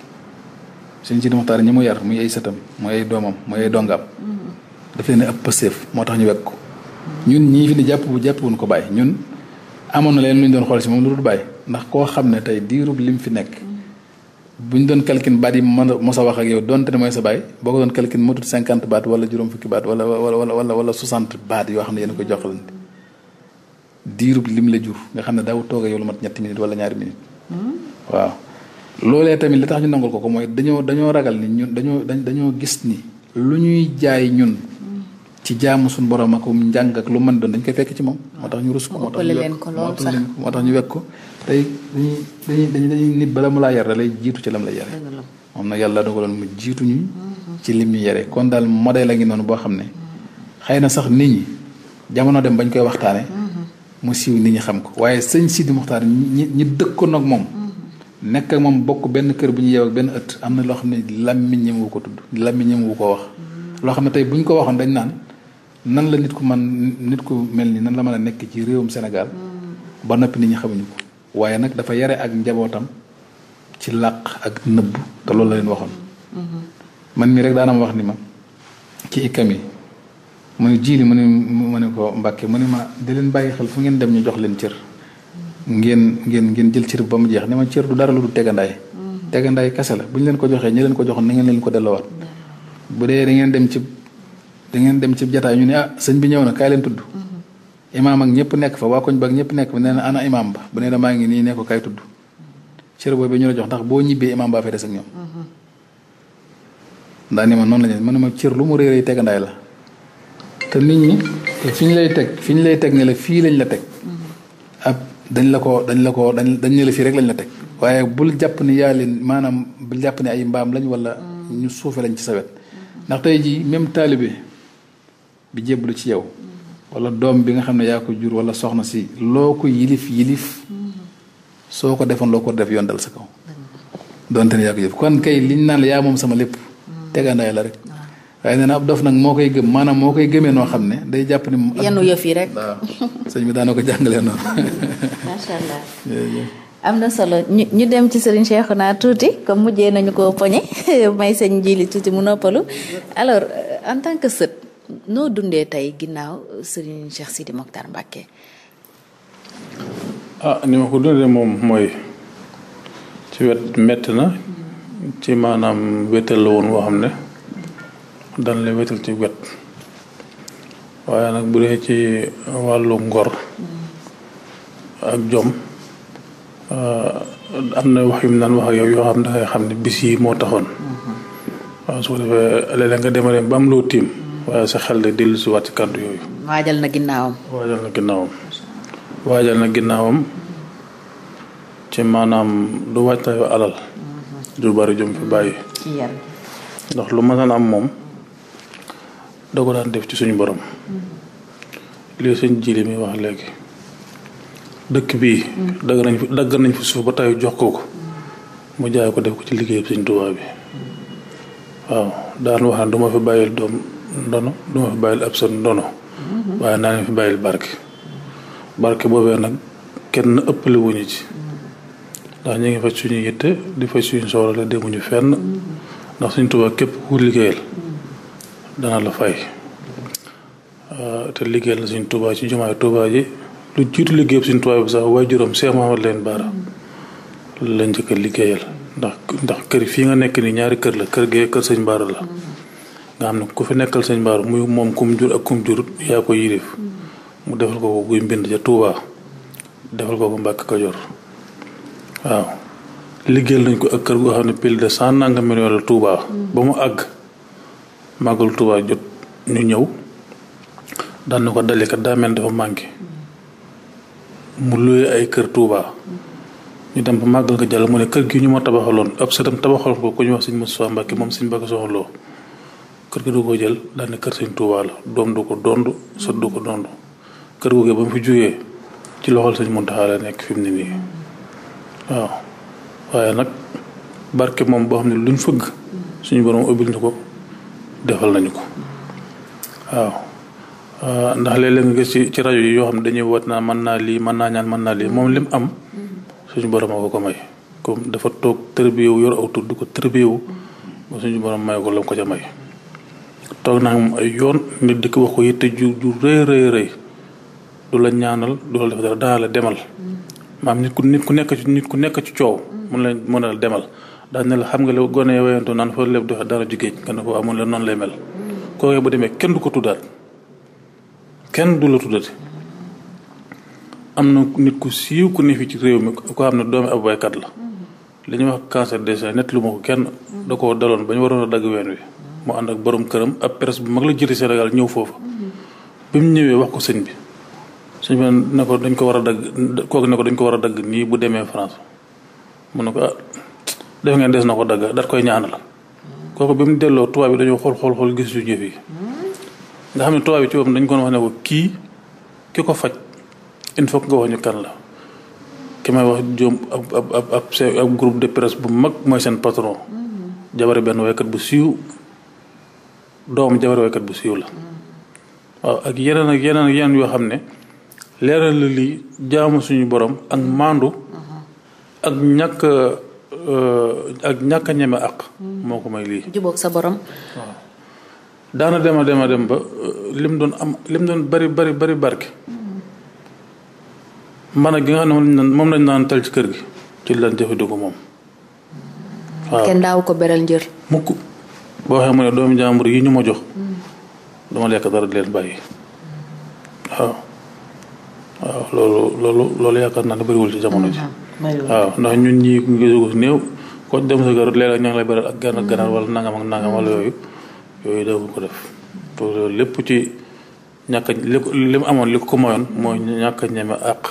sëñ si Muxtaar ñi mu yar muy ay sëtam muy ay doomam muy ay dongam daf leen ëpp pëseef moo tax ñu wekk ko ñun ñii fi ne jàpp bu jàpp wuñ ko bàyyi ñun amoon na leen lu ñu doon xool si moom lu dul ndax koo xam ne tey diirub lim fi nekk bu ñu doon calcul a wax ak yow donte ne mooy sa baay boo ko doon calcul matut cinquante baat wala juróom fukki baat wala wala wala wala soixante baat yoo xam ne yéen a ko joxalante diirub lim la jur nga xam ne daaw toog yow lu mat ñetti minutes wala ñaari minutes. waaw loolee tamit li tax ñu nangul ko ko mooy dañoo dañoo ragal ni ñun dañoo dañoo gis ni lu ñuy jaay ñun. ci jaamu suñu borom ak njàng ak lu mën doon dañ koy fekk ci moom. moo tax ñu ko moo tax ñu wekk ko tey dañuy dañuy dañuy nit bala mu laa yar da lay jiitu ci lam lay yare moom nag yàlla dogaloon mu jiitu ñu. ci lim ñu yare kon daal modèle la ngi noonu boo xam ne xëy na sax nit ñi jamono dem bañ koy waxtaanee. mu siiw nit ñi xam ko waaye sëñ Sidi Muxtaar ñi ñi dëkkoon ak moom. Mm-hmm. nekk ak moom bokk benn kër bu ñu yeew benn ëtt am na loo xam ne làmmiñam wu ko tudd làmmiñam wu ko wax. Mm-hmm. loo xam ne tey bu ñu ko waxoon dañ naan nan la nit ku man nit ku mel ni nan la mën a nekk ci réewum senegal mm-hmm. ba noppi nit ñi xamuñu ko. waaye nag dafa yare ak njabootam ci làq ak nëbb te loolu la leen waxoon. man mii rek daanam wax ni ma ci ikam yi mu ne jiili mu ne mu ne ko mbàkke mu ne ma di leen bàyyi xel fu ngeen dem ñu jox leen cër ngeen ngeen ngeen jël cër ba mu jeex ne ma cër du dara lu du tegandaay mm-hmm. tegandaay kase la bu ñu leen ko joxee ñi leen ko joxoon na ngeen ko delloowaat bu dee da ngeen dem ci da dem ci jataay ñu ne ah bi ñëw na kaay leen tudd mm-hmm. imaam ak ñëpp nekk fa waa koñ ba ak ñëpp nekk fa nee na ana imaam ba bu nee na maa ngi nii ne ko kaay tudd cër boobu ñu la jox ndax boo ñibbee imaam baa fay des ak ñoom mm-hmm. ne ni ma noonu la ñu mëne ma cër lu mu réeree tegandaay la te nit ñi fi ñu teg fi ñu lay teg ne fii lañ la teg ab dañ la ko dañ la ko dañ dañ la fii rek lañ la teg waaye bul jàpp ni yaa maanaam bul jàpp ni ay mbaam lañ wala ñu suufe lañ ci sa ndax tey jii même taalibe bi jébbalu ci yow wala doom bi nga xam ne yaa ko jur wala soxna si loo ko yilif yilif soo ko defoon loo ko def yoon dal sa kaw donte ne yaa ko yëf kon kay liñ naan yaa moom sama lépp tegandaay la rek waaye nee na ab dof nag moo koy gëm maanaam moo koy gëmee noo xam ne day jàpp ni. yenu yëf yi rek waaw sëñ bi daana ko jàngalee noonu. macha allah am na solo ñu dem ci Serigne Cheikhouna tuuti comme mujjee nañu ko poñe may sëñ Jili tuuti mu noppalu alors euh, en tant que sët noo dundee tey ginnaaw Serigne Cheikh Sidi Mokhtar Mbacké. ah ni ma ko dundee moom mooy ci na ci maanaam wétal la woon boo xam ne. dana la wetal ci wet waaye nag bu dee ci wàllu ngor ak jom eh, am na wax yu mu naan wax yooyu xam ne dangay xam ne bis yi moo taxoon waaw su ko defee léeg nga demale ba am loo tiim waaye sa xel de dellu si waat ci kàddu yooyu waajal na ginnaawam waajal na ginnaawam waajal na ginnaawam ci maanaam du waajtaayu alal ju mm-hmm. bari jom fi bàyyi ndax lu mën a moom da ko daan def ci suñu borom lii sëñ jili mi wax léegi dëkk bii dagg nañ fi dagg nañ fi suuf ba tay jox ko ko mu jaay ko def ko ci liggéey sëñ Tuubaa bi waaw daan wax na duma fi bàyyil doom ndono duma fi bàyyil ab sa ndono waaye naa leen fi bàyyil barke barke boobee nag kenn ëppale wuñu ci ndax ñu ngi faj suñu yitte di faj suñu soorale demuñu fenn ndax sëñ Tuubaa képp ku liggéeyal dana la fay euh, te liggéeyal na suñ Tuubaa ci jumaay Tuubaa ji lu jiitu liggéey suñ Tuubaa bi sax waajuram Cheikh Mouhamed Lamine Bara la njëkk liggéeyal ndax ndax kër fii nga nekk nii ñaari kër la kër gee kër sëñ Bara la nga xam ne ku fi nekkal sëñ Bara muy moom kum jur ak kum jurut yaa ko yilif mu defal ko ko guy mbind ca Tuubaa defal ko ko Mbàkke Kajoor waaw liggéeyal nañ ko ak kër goo xam ne pile de cent nanga million la Tuubaa ba mu àgg màggal Tuubaa jot ñu ñëw daan ko dalekat daa mel dafa manqué mu luye ay kër Tuubaa ñu dem ba màggal nga jàll mu ne kër gi ñu ma tabaxaloon ab sëtam tabaxaloon ko ku ñu wax sëñ Moustapha Mbacke moom sëñ Mbacke Soxna kër gi du ko jël daan na kër sëñ Tuubaa la doom du ko dond sët du ko dond kër googee ba mu fi jógee ci loxol sëñ Muntaxa la nekk fi mu ne nii waaw waaye nag barke moom boo xam ne luñ fëgg suñu borom ubbil ñu ko defal nañu ko waaw euh, ndax léeg-léeg nga gis ci rajo yi yoo xam ne dañuy woot naa mën naa lii mën naa ñaan mën naa lii moom lim am suñu borom a ko ko may comme dafa toog tërbiyewu yor aw tudd ko tërbiyewu ba suñu borom may ko la ko ca may toog naa moom ay yoon nit di ko wax ko yitte ju ju rëy rëy du la ñaanal du la def dara daa la demal mm. maam nit ku nit ku nekk ci nit ku nekk ci coow mën mm. la mën a demal daañu ne la xam nga la gone ya wéyantu naan foo lépp doxe dara ju géej nga ko amoon la noonu lay mel. kooku kenn du ko tuddaat kenn du nit ku siiw ku ne ci réew mi ko xam ne doomi ab baykat la. Mm-hmm. li wax cancer des seins lu ma kenn da koo daloon ba ñu dagg ween mu ànd ak borom këram ab bu mag la jëri Sénégal ñëw foofa. Mm-hmm. bi mu ñëwee wax ko sëñ bi. sëñ bi ne ko dañ ko war a dagg kooku ne ko dañ ko war a dagg nii bu demee France mu ne ko ah def ngeen des na ko dagg dat koy ñaanal kooku bi mu delloo tubaab bi dañoo xool xool xool gis yi nga xam ne ko wax ne ko ki ko faj il la. ki may wax jom de presse bu mag mooy seen patron. jabari benn bu siiw doom jabari waykat bu siiw la. yoo xam ne leeral la lii jaamu suñu borom ak maandu. ak ñàkk Euh, ak ñàkk a ñeme àq. moo ko may lii. jubóog sa borom. daana dema dema dem ba euh, lim doon am lim doon bari bari bari barke. man ak gi nga xam moom lañ naan tal ci kër gi ci lan jëfandikoo moom. waaw kenn daaw ko beral njër. mukk boo xam ne doomu jàmbur yi ñu ma jox. dama lekk dara leen bàyyi waaw. waaw loolu loolu loolu yaakaar naa ne bëriwul ci jamono ji. Mhm, waaw ndax ñun ñii ngi néew ko dem sa kër léeg-léeg ña ngi lay beral ak ganaar mhm. wala nangam ak nangam wala mhm. yooyu yooyu doo ko def pour ci ñàkk a amoon li ko ko ñàkk a ñeme àq.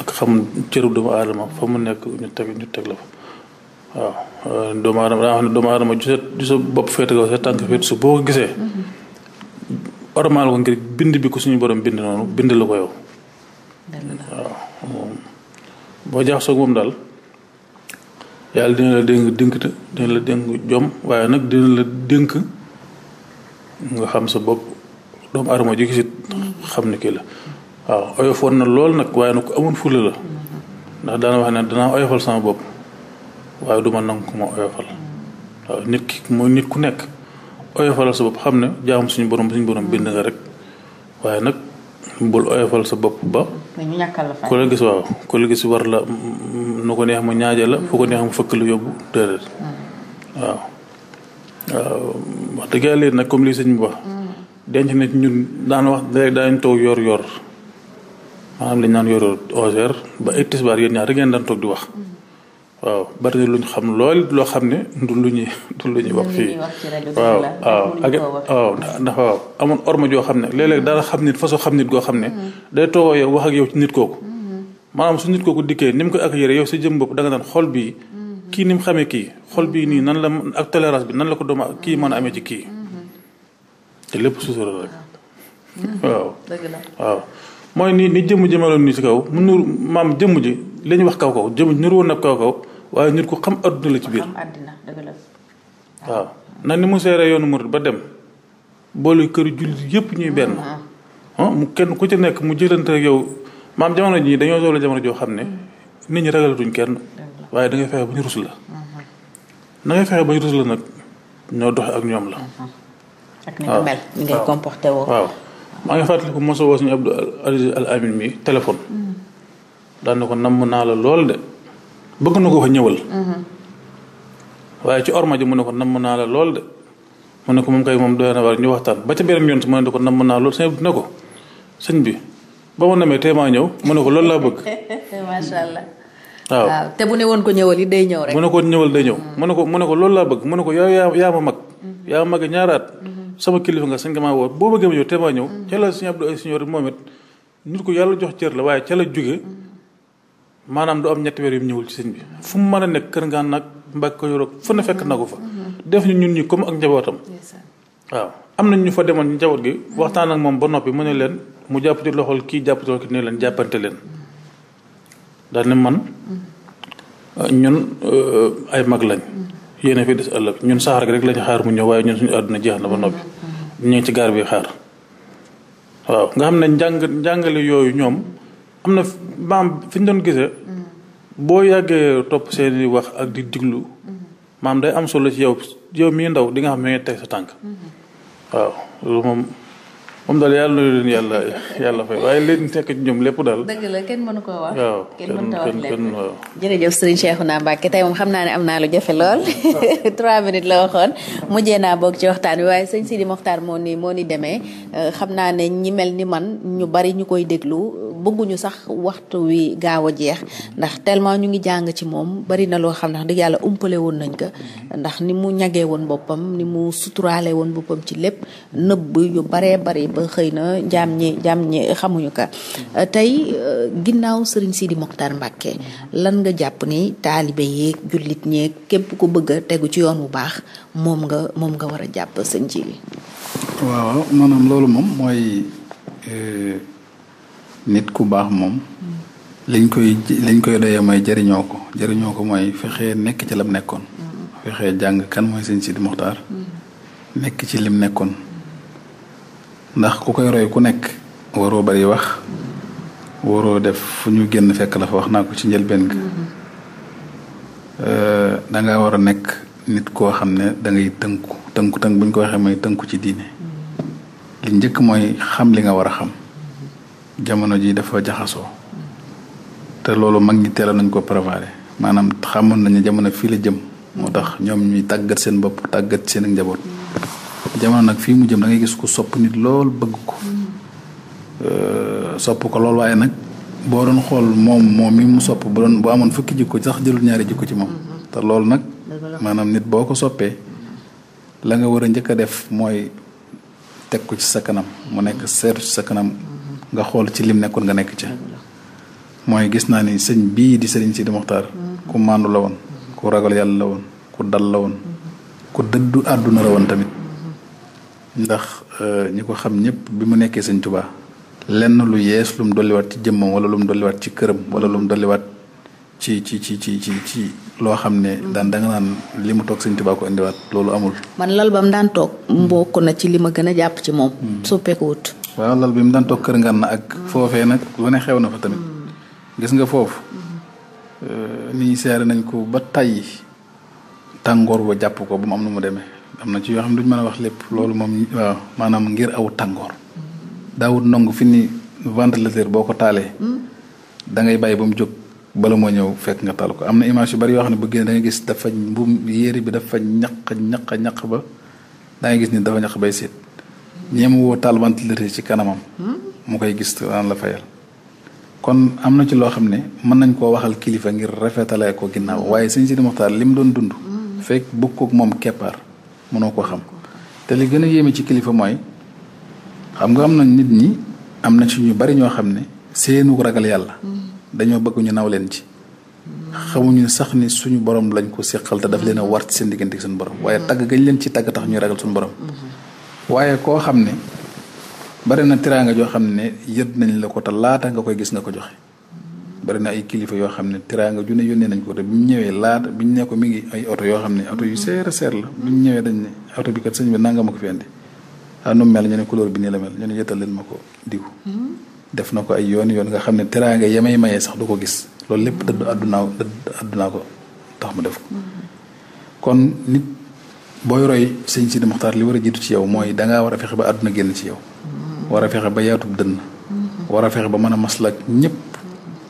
ak xam cëru doomu aadama fa mu nekk ñu teg ñu teg la fa waaw doomu aadama daa xam ne doomu aadama ju sa ju sa bopp féete kaw sa tànk féete su boo ko gisee. ormaal ko ngir bind bi ko suñu borom bind noonu bind la ko yow. waaw moom boo jaaxasoo moom daal yàlla dina la dénk dénk dina la dénk jom waaye nag dina la dénk nga xam sa bopp doomu aadama ji gisit xam ne kii la waaw oyofoon na lool nag waaye nag ku amoon fulla la ndax daana wax ne danaa oyofal sama bopp waaye duma nangu ku oyofal waaw nit ki mooy nit ku nekk. oyofalal sa bopp xam ne jaamu suñu borom suñu borom bind nga rek waaye nag bul oyofal sa bopp ba. ñu ñàkkal la ku la gis waaw ku la gis war la mm, mm, nu ko neex mu ñaaje la foo ko neex mu fëkk lu yóbbu déedéet mm. waaw. waaw wax dëgg yàlla nag comme li sëñ bi wax. denc na ñun daan wax léegi daañu toog yor-yor maanaam lañ naan yor-yor 11h ba ay tisbaar yéen daan toog di wax. waaau bari na luñ xam lool loo xam ne du lu ñuy du lu ñuy wax fii waaw waaw ak waaw ndax waaw amoon orma joo xam ne léeg-léeg xam nit façon xam nit goo xam ne mhm. day toogoo yow wax ak yow ci nit kooku mhm. maanaam su nit kooku dikkee ni mu koy accueillir yow sa jëm bopp da nga naan xol bii mhm. kii ni mu kii xol bii nii nan la ak tolérance bi nan la ko dooma kii man a amee ci kii te lépp sutura rek waaw waaw mooy nii ni jëmm jëmaloon ni ci kaw mu nur maam jëmm ji la ñuy wax kaw kaw jëmm ji nur woon nag kaw kaw waaye nit ku xam adduna la ci biir waaw na ni mu seere yoonu murid ba dem boole kër jullit yépp ñuy benn mm-hmm. ah, mu kenn ku ci nekk mu jëlante ak yow maam jamono ji dañoo soxla jamono joo xam ne nit ñi ragalatuñ kenn waaye da ngay fexe ba ñu rus la mm-hmm. na ngay fexe ba ñu rus la nag ñoo doxe ak ñoom la mm-hmm. waaw maa ngi fàttaliku ko a woo suñu Abdou Al Amin mi téléphone. Mm. daan na ko namm naa la lool de bëgg na ko fa ñëwal. Mm-hmm. waaye ci orma ji mu ne ko namm naa la lool de mu ne ko moom kay moom doy ba ca beneen yoon mu ne ko namm naa bi ne ko sëñ bi ba ma namee tey maa ñëw mu ne ko loolu laa bëgg. macha allah. waaw te ne woon ko ñëwal yi day ñëw ko ñëwal day ñëw. Mm. mu ne mu ne ko loolu mag. Mm-hmm. yaa ma mag ñaaraat. Mm-hmm. sama kilifa nga sañ nga maa woo boo bëggee ma ñëw te maa ñëw. Mm. ca la sëñ Abdou Senior moom it nit ko yàlla jox cër la waaye ca la jóge mm. maanaam du am ñetti weer yu ñëwul ci seen bi fu mu man a nekk kër ngaan nag mbàkk ko yoroog fu na ko fa. Mm-hmm. Mm-hmm. def ñu ñun ñi comme ak njabootam. am nañ ñu fa demoon njaboot gi mm-hmm. waxtaan ak moom ba noppi mu ne leen mu jàpp ci loxol kii jàpp ci loxol kii ne leen jàppante leen daal man ah, ñun euh, ay mag lañ. yéen a fi des ëllëg ñun saxaar gi rek lañu xaar mu ñëw waaye ñun suñu àdduna jeex na ba noppi. ñu ci gaar bi xaar waaw nga xam ne njàng njàngale yooyu ñoom am na maam fi ñu doon gisee. Mm-hmm. boo yàggee topp seen i wax ak di diglu. Mm-hmm. maam day am solo ci yow yow mii ndaw di nga xam ne teg sa tànk. Mm-hmm. waaw moom daal yàlla na leen yàlla yàlla fay waaye leen nekk ci ñoom lépp daal. la kenn mënu koo wax. waaw kenn mënu koo wax lépp waaw. jërëjëf sëriñ Cheikhouna Mbacké tey moom xam naa ne am naa lu jafe lool trois minutes la waxoon mujjee naa bokk ci waxtaan bi waaye sëñ Sidi Mokhtar moo ni moo ni demee euh, xam naa ne ñi mel ni man ñu bari ñu koy déglu. bëgguñu sax waxtu wi gaaw a jeex ndax tellement ñu ngi jàng ci moom bari na loo xam ndax wax dëgg yàlla umpale woon nañ ko ndax ni mu ñagee woon boppam ni mu suturaale woon boppam ci lépp nëbb yu baree bari ba xëy na jaam ñi jaam xamuñu ko tey euh, ginnaaw sëriñ Sidi Mokhtar Mbacké lan nga jàpp ni taalibe yeeg jullit ñeeg képp ku bëgg a tegu ci yoon wu baax moom nga moom nga war a jàpp sëñ ji waaw maanaam loolu moom mooy euh, nit ku baax moom liñ koy liñ koy doyee mooy jariñoo ko jëriñoo ko mooy fexee nekk ci lam nekkoon fexe jàng kan mooy sëñ Sidi Muxtaar nekk ci lim nekkoon ndax ku koy roy ku nekk waroo bari wax waroo def fu ñu génn fekk la fa wax naa ko ci njëlbeen ga danga war a nekk nit koo xam ne dangay tënku tënku tënk buñ ñu ko waxee mooy tënku ci diine li njëkk mooy xam li nga war a xam jamono ji dafa jaxasoo te loolu mag ngi teela nañ ko préparé maanaam xamoon nañu jamono fii la jëm moo tax ñoom ñuy tàggat seen bopp tàggat seen njaboot jamono nag fii mu jëm da ngay gis ko sopp nit lool bëgg ko euh, sopp ko lool waaye nag boo doon xool moom moom mi mu sopp bu doon bu amoon fukki jikko sax jëlul ñaari jikko ci moom mm-hmm. te loolu nag maanaam nit boo ko soppee la nga war a njëkk a def mooy teg ko ci sa kanam mu nekk seetu ci sa kanam nga xool ci lim nekkoon nga nekk ca mooy gis naa ni sëñ bii di sëriñ Sidi Moxtaar ku maandu la woon ku ragal yàlla la woon ku dal la woon ku dëddu àdduna la woon tamit ndax euh, ñi ko xam ñëpp bi mu nekkee sëñ Tuubaa lenn lu yees lu mu dolliwaat ci jëmmam wala lu dolliwaat ci këram wala lu dolliwaat ci ci ci ci ci ci loo xam ne daan danga naan li mu toog sëñ Tuubaa ko indiwaat loolu amul. man lal ba mu daan toog. mbokk mm. na ci li ma gën a jàpp ci moom. Mm. soppeekuwut. waaw lal bi mu daan toog kër ngan na ak foofee nag lu ne xew na fa tamit gis nga foofu euh, nit ñi seere nañ ko ba tàyyi tàngoor ba jàpp ko ba mu am nu mu demee am na ci yoo xam ne duñ mën a wax lépp loolu moom waaw maanaam ngir aw tàngoor daawut ndong fi ni ventilateur boo ko taalee da ngay bàyyi ba mu jóg bala moo ñëw fekk nga taal ko am na image yu bari yoo xam ne bu génne da nga gis dafa mbuum yéeri bi dafa ñaq ñaq ñaq ba da ngay gis ni dafa ñaq bay seet ñeemu woo taal ci kanamam. mu koy gis daan la fayal. kon am na ci loo xam ne mën nañ koo waxal kilifa ngir rafetale ko ginnaaw waaye sëñ Sidi Moxtaar li mu doon dund. fekk kook moom keppaar mënoo ko xam. te li gën a yéeme ci kilifa mooy xam nga am na nit ñi am na ci ñu bari ñoo xam ne seenu ragal yàlla. dañoo bëgg ñu naw leen ci. xamuñu sax ni suñu borom lañ ko seqal te daf leen a war seen diggante ak suñu borom waaye tagg gañ leen ci tagg tax ñuy ragal suñu borom. waaye koo xam ne bari na tiraanga joo xam ne yët nañ la ko te nga koy gis nga ko joxe bari na ay kilifa yoo xam ne tiraanga ju ne yónnee nañ ko te bi mu ñëwee laata bi ñu ne ko mi ay oto yoo ne oto yu seer a seer la bi ñu ñëwee dañ ne oto bi kat sëñ bi nanga ko fi andi ah, nu mel ñu ne couleur bi nii la mel ñu ne yëtal leen ma ko diw hmm. def na ko ay yoon yoon nga xam ne teraanga yemay maye sax du ko gis loolu lépp dëdd àddunaaw dëdd àddunaa ko tax mu def ko hmm. kon nit booy roy sëñ Sidi Muxtaar li war a jiitu ci yow mooy danga war a fexe ba àdduna génn ci yow war a fexe ba yaatub dënn war a fexe ba mën a maslak ñëpp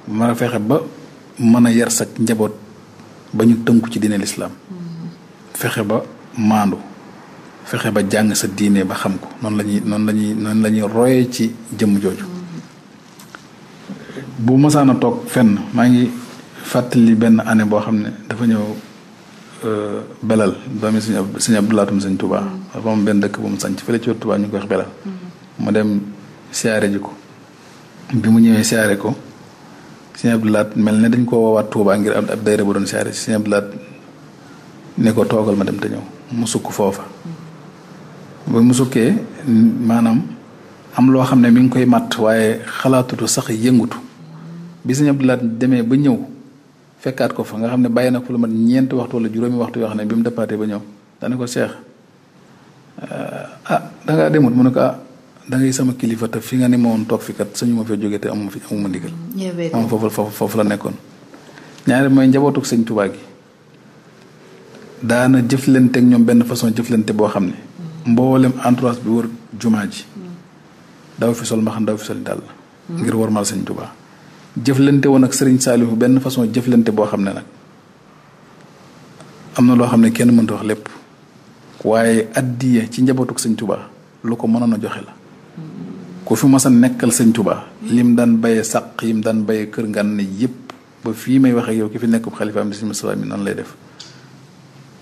mën a fexe ba mën a yar sak njaboot ba ñu tënku ci diine lislaam fexe ba maandu fexe ba jàng sa diine ba xam ko noonu la ñuy noonu lañuy ñuy noonu la ci jëmm jooju bu a toog fenn maa ngi fàttali benn année boo xam ne dafa ñëw Euh, belal doomi sëñ sëñ Abdoulaatum sëñ Touba mu am benn dëkk bu mu sanc fële ci wetu Touba ñu koy wax belal mm-hmm. mu dem siyaare ji ko bi mu ñëwee siyaare ko sëñ Abdoulaat mel ne dañ ko woowaat tuubaa ngir am ab dayra bu doon siyaare si sëñ Abdoulaat ne ko toogal ma dem te ñëw mu sukk foofa mm-hmm. ba mu sukkee maanaam am loo xam ne mi ngi koy matt waaye xalaatutu sax yëngutu bi sëñ Abdoulaat demee ba ñëw fekkaat ko fa nga xam ne bàyyi na ko la man ñeent waxtu la juróomi waxtu yoo xam ne bi mu départe ba ñëw dana ko seex ah dangaa demut mu ne ko ah da sama kilifa te fi nga ne ma woon toog fi kat sañu ma fee jógee te amu fi amu ma ndigal. foofu foofu la nekkoon. ñaari mooy njabootuk sëñ Tuubaa gi daana jëflante ñoom benn façon jëflante boo xam ne. mboolem entourage bi wër jumaa ji. Mm. daw fi sol mbaxam daw fi sol dàll. Mm. ngir wormaal sëñ tubaa jëflante woon ak Serigne Saliou benn façon jëflante boo xam ne nag am na loo xam ne kenn mënta wax lépp waaye addiya ci njabootu sëñ Touba lu ko mënoon na joxe la ku fi masa nekkal sëñ Touba lim daan béyee saq yim daan béyee kër ngan ne yëpp ba fii may wax yow ki fi nekk xalifaam di sëñ Moustapha mi lay def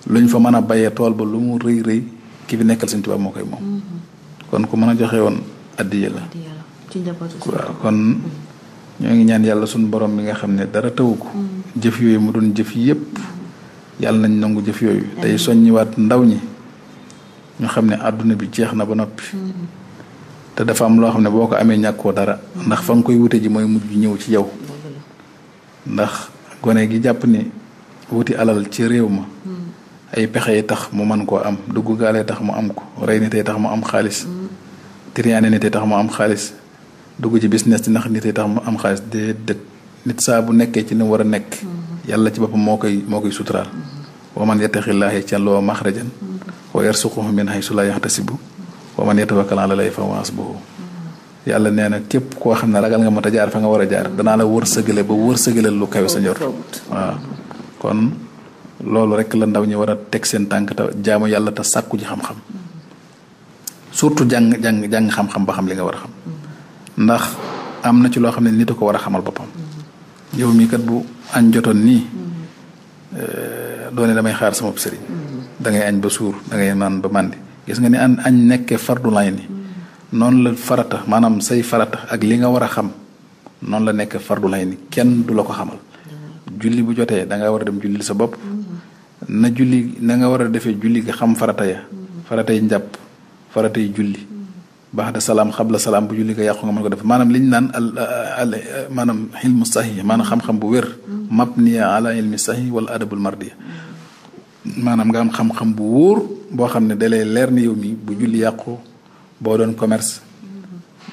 luñ fa mën a bayee tool ba lu mu rëy rëy ki fi nekkal sëñ Touba moo koy moom mm-hmm. kon ku mën a joxe woon addiya la waaw kon mm-hmm. ñoo ngi ñaan yàlla suñu borom bi nga xam ne dara tawu ko mm. jëf yooyu mu doon jëf yépp yàlla nañ nangu jëf yooyu tey soññiwaat ndaw ñi ñu xam ne àdduna bi jeex na ba noppi mm. te dafa am loo xam ne boo ko amee ñàkk ñàkkoo dara mm. ndax fa nga koy wute ji mooy mujj ñëw ci yow ndax gone gi jàpp ni wuti alal ci réew ma ay pexe yi tax mu man koo am dugg gaale tax mu am ko rey nitee tax mu am xaalis tiriyaane nitee tax mu am xaalis dugg ci business di ndax nit yi tax mu am xaalis de dëkk nit saa bu nekkee ci ni war a nekk mm-hmm. yàlla ci boppam moo koy moo koy suturaal mm-hmm. wa man yattaxillaahi yaj'al lahu maxrajan mm-hmm. wa yarsuquhu min haysu laa yaxtasibu wa man yatawakkal ala llaahi fa huwa yàlla nee na képp koo xam ne ragal nga mat a jaar fa nga war a jaar danaa la wërsëgale ba wërsëgale lu kawe sa njort waaw kon loolu rek la ndaw ñi war a teg seen tànk te jaamu yàlla te sàkku ji xam-xam surtout jàng jàng jàng xam-xam ba xam li nga war a xam ndax am na ci loo xam ne nit a ko war a xamal boppam. yow mii kat bu añ jotoon nii. Euh, doone damay xaar sama sëriñ. da ngay añ ba suur da ngay naan ba màndi gis nga ni an añ nekkee fardu laay ni noonu la farata maanaam say farata ak li nga war a xam noonu la nekk fardu laay ni kenn du la ko xamal. julli bu jotee da nga war a dem julli sa bopp. na julli na nga war a defee julli nga xam farata ya. farata njàpp farata julli. baxda salaam xabla salaam bu julli ko yàqu nga mën ko def maanaam li ñu naan al al maanaam xilmu sahi maanaam xam-xam bu wér mabniya ala ilmi sahi wala adabul mardiya maanaam nga am xam bu boo xam ne dalee leer na yow mi bu julli yàqu boo doon commerce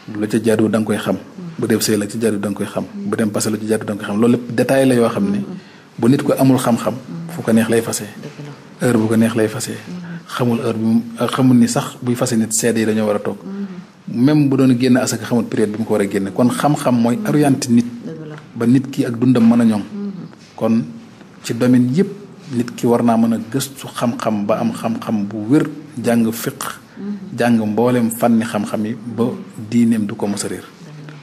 la ca jaadu da koy xam bu dem sëy la ci jaadu da koy xam bu dem passé la ci xam loolu lépp détail la yoo xam ne bu nit ko amul xam-xam fu ko neex lay fase heure bu ko neex lay fase xamul heure bi xamul ni sax buy fase nit seede yi dañoo war toog même bu doon génn asaka xamut période bi mu ko war a génne kon xam-xam mooy orienté nit ba nit ki ak dundam mën a ñoŋ mm-hmm. kon ci domaine yëpp nit ki war naa mën a gëstu xam-xam ba am xam-xam bu wér jàng fiq mm-hmm. jàng mboolem fànni xam-xam yi ba diineem du ko mos a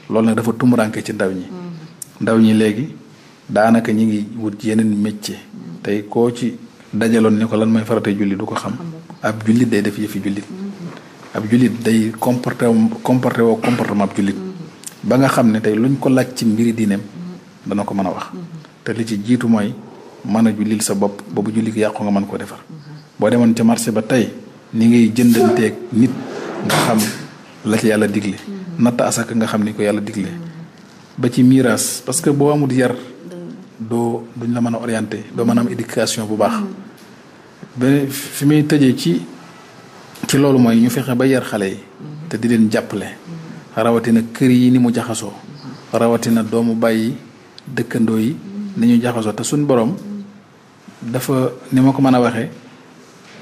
loolu nag dafa tumuranke ci ndaw ñi mm-hmm. ndaw ñi léegi daanaka ñi ngi wut yeneen métier tey koo ci dajaloon ni ko lan mooy farate julli du ko xam ab jullit day def yëfi jullit ab jullit day comporté comporté woo comportement ab jullit ba nga xam ne tey luñ ko laaj ci mbiri diineem dana ko man a wax te li ci jiitu mooy man a jullil sa bopp ba bu jullit yàqu nga man koo defar boo demoon ca marché ba tey ni ngay jëndanteeg nit nga xam la ci yàlla digle natta asaka nga xam ni ko yàlla digle ba ci miiras parce que boo amul yar doo duñ la mën a orienté doo mën a am éducation bu baax ci loolu mooy ñu fexe ba yar xale yi te di leen jàppale rawatina kër yi ni mu jaxasoo rawatina doomu bàyyi dëkkandoo yi ni ñu jaxasoo te suñ boroom dafa ni ma ko mën a waxee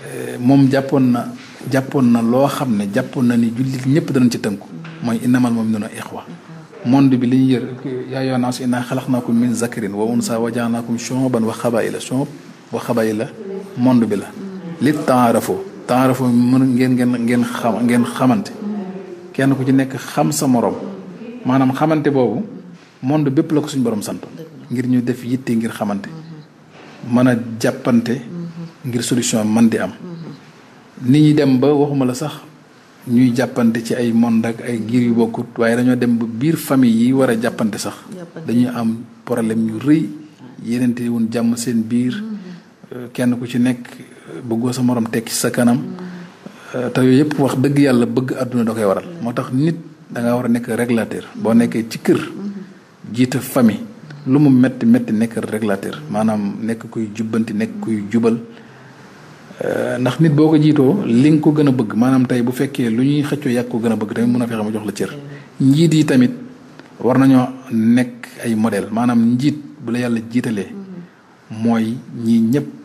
eh, moom jàppoon na jàppoon na loo xam ne jàppoon na ni jullit ñëpp danañ ci tënku mooy innamal mu'minuna ixwa monde bi li ñu yër yaa ayyuhan naas innaa xalaqnaakum min zakarin wa unsaa wa ja'alnaakum shu'uban wa qabaa'ila shu'ub wa qabaa'ila monde bi la li taarafu taarafu mën ngeen ngeen ngeen xam ngeen xamante kenn ku ci nekk xam sa morom maanaam xamante boobu monde bépp la ko suñu borom sant ngir ñu def yitte ngir xamante mën a jàppante ngir solution man di am nit ñi dem ba waxuma la sax ñuy jàppante ci ay monde ak ay ngir yu bokkut waaye dañoo dem ba biir famille yi war a jàppante sax dañuy am problème yu rëy yenente woon jàmm seen biir mm-hmm. kenn ku ci nekk bëggoo sa morom tekki sa kanam te yooyu yëpp wax dëgg yàlla bëgg àdduna doo koy waral moo tax nit danga war a nekk régulateur boo nekkee ci kër jiite famille lu mu metti metti nekk régulateur maanaam nekk kuy jubbanti nekk kuy jubal euh, ndax nit boo ko jiitoo li nga ko gën a bëgg maanaam tey bu fekkee lu ñuy xëccoo yàgg ko gën a bëgg tamit mun a fexe mu jox la cër njiit yi tamit war nañoo nekk ay modèle maanaam njiit bu la yàlla jiitalee mm-hmm. mooy ñi ñëpp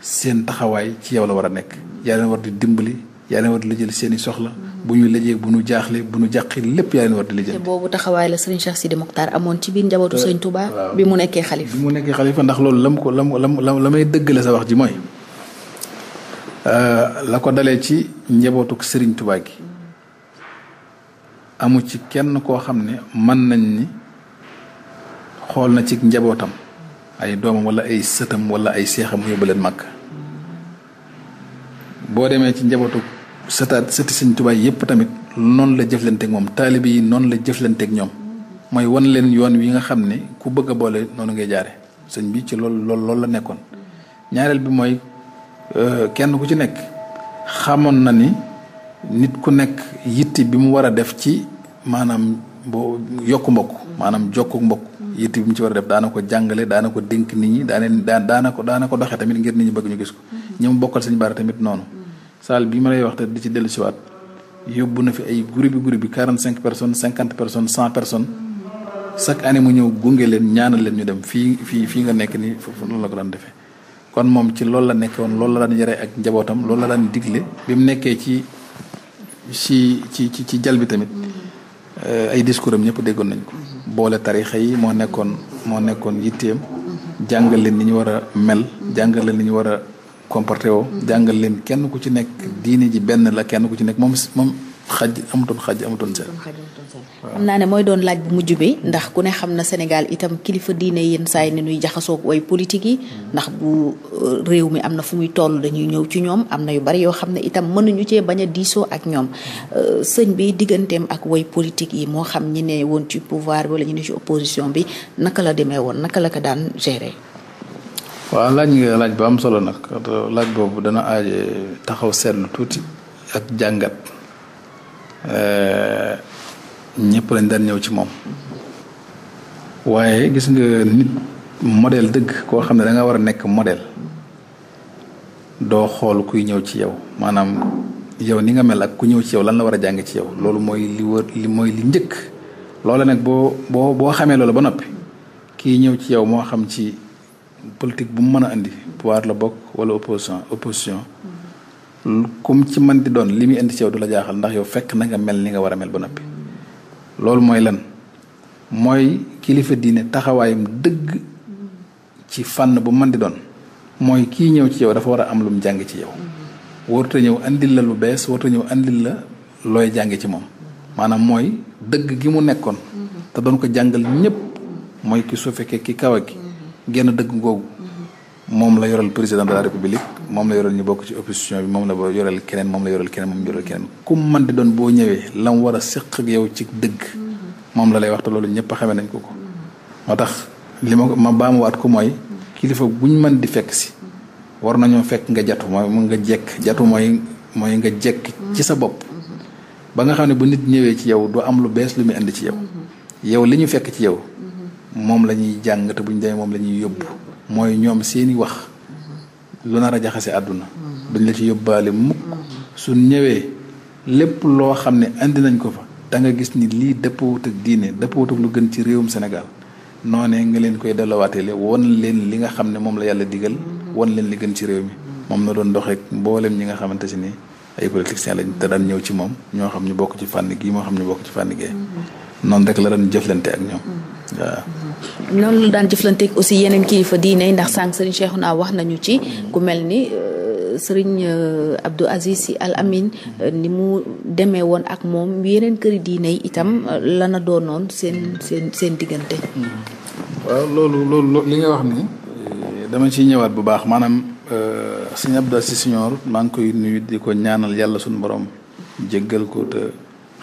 seen taxawaay ci yow la war a nekk yaa leen war di dimbali yaa leen war di lijjal seen soxla bu ñu lajee bu ñu jaaxle bu ñu jàqi lépp yaa leen war di lijjal te boobu taxawaay la Serigne Cheikh Sidi Mokhtar amoon ci biir njabootu euh, Serigne Touba bi mu nekkee xalif bi mu nekkee xalifa ndax loolu lam ko lam lam la la sa wax ji euh, la ko dalee ci njabootu Serigne Touba gi amu ci kenn koo xam ne man nañ ni xool na ci njabootam ay doomam wala ay sëtam wala ay seexam mu yóbbu leen boo demee ci njabootu sëtaat sëti sëñ Tuubaa yépp tamit noonu la jëflanteeg moom taalibe yi noonu la jëflanteek ñoom mooy wan leen yoon wi nga xam ne ku bëgg boole noonu ngay jaare sëñ bi ci loolu loolu la nekkoon ñaareel bi mooy euh, kenn ku ci nekk xamoon na ni nit ku nekk yitti bi mu war a def ci maanaam boo mbokk maanaam jokku mbokk yitte bi mu ci war a def daana ko jàngale daana ko dénk nit ñi daane daana ko daana ko doxee tamit ngir nit ñi bëgg ñu gis ko mm-hmm. ñi mu bokkal sëñ Bara tamit noonu saal bi ma lay wax te di ci dellu siwaat yóbbu na fi ay groupe bi groupe bi quarante cinq personne cinquante personnes cent personnes chaque année mu ñëw gunge leen ñaanal leen ñu dem fii fii fii nga nekk ni foofu noonu la ko daan defee kon moom ci loolu la nekkoon loolu la daan yare ak njabootam loolu la daan digle bi mu nekkee ci ci ci ci jal bi tamit mm-hmm. euh, ay discours am ñëpp déggoon ko boole tarixa yi moo nekkoon moo nekkoon yitteem jàngal leen ni ñu war a mel jàngal leen ni ñu war a comporté woo jàngal leen kenn ku ci nekk diine ji benn la kenn ku ci nekk moom moom xaj amutoon xaj amutoon seen xam naa ne mooy doon laaj bu mujj bi ndax ku ne xam na Sénégal itam kilifa diine yenn saa ne ni ñuy jaxasoog way politique yi hmm. ndax bu uh, réew mi am na fu muy toll dañuy ñëw ci ñoom am na yu bari yoo xam ne itam mënuñu cee bañ a diisoo ak ñoom hmm. uh, sëñ bi digganteem ak woy politique yi moo xam ñi ne woon ci pouvoir bi wala ñu ne ci opposition bi naka la demee woon naka la ko daan gérer. waaw laaj nga laaj bu am solo nag laaj boobu dana aaje taxaw seetlu tuuti ak jàngat. Uh, ñépp lañ daan ñëw ci moom waaye gis nga nit model dëgg koo xam ne da nga war a nekk modèle doo xool kuy ñëw ci yow maanaam yow ni nga mel ak ku ñëw ci yow lan la war a jàng ci yow loolu mooy li wër li mooy li njëkk loola nag boo boo boo xamee loolu ba noppi kii ñëw ci yow moo xam ci politique bu mu mën a indi pouvoir la bokk wala opposition opposition comme mm-hmm. ci mën di doon li muy indi ci yow du la jaaxal ndax yow fekk na nga mel ni nga war a mel ba noppi loolu mooy lan mooy kilifa diine taxawaayam dëgg ci fànn bu mën di doon mooy kii ñëw ci yow dafa war a am lu mu jàng ci yow warut a la lu bees warut a ñëw andil la looy jàng ci moom maanaam mooy dëgg gi mu nekkoon te doon ko jàngal ñépp mooy ki su fekkee ki kaw a gi genn dëgg googu moom la yoral président de la république moom la yoral ñu bokk ci opposition bi moom la ba yoral keneen moom la yoral keneen moom yoral keneen ku mën boo ñëwee la mu war a séq ak yow ci dëgg moom la lay wax loolu ñëpp xamee ko ko moo tax li ma ma baamuwaat ko mooy kilifa buñ mën di fekk si war nañoo fekk nga jatu mooy nga jekk jatu mooy mooy nga jekk ci sa bopp ba nga xam ne bu nit ñëwee ci yow doo am lu bees lu muy indi ci yow yow li ñu fekk ci yow moom la ñuy jàng buñ demee moom la ñuy yóbbu mooy ñoom seeni wax lu nar a jaxasee àdduna duñ la ci yóbbaale mukk su ñëwee lépp loo xam ne indi nañ ko fa da nga gis ni lii dëppoowut ak diine dëppoowut ak lu gën ci réewum Sénégal noonee nga leen koy delloowaatele won leen li nga xam ne moom la yàlla digal won leen li gën ci réew mi moom na doon doxeek mboolem ñi nga xamante si ni ay politiciens lañ te daan ñëw ci moom ñoo xam ñu bokk ci fànn gii moo xam ñu bokk ci fànn gee noonu rek la doon jëflante ak ñoom noonu la daan jëflanteeg aussi yeneen kilifa diine ndax sànq Serigne Cheikhouna wax nañu ci ku mel ni euh, Serigne euh, Abdou Aziz Sy Al Amin euh, ni mu demee woon ak moom yeneen këri diine yi itam lana doonoon seen seen seen diggante. Hmm. loolu loolu li nga wax ni eh, dama ciy ñëwaat bu baax maanaam Serigne Abdou Aziz Sy Junior maa ngi koy nuyu di ko ñaanal yàlla suñu boroom jéggal ko te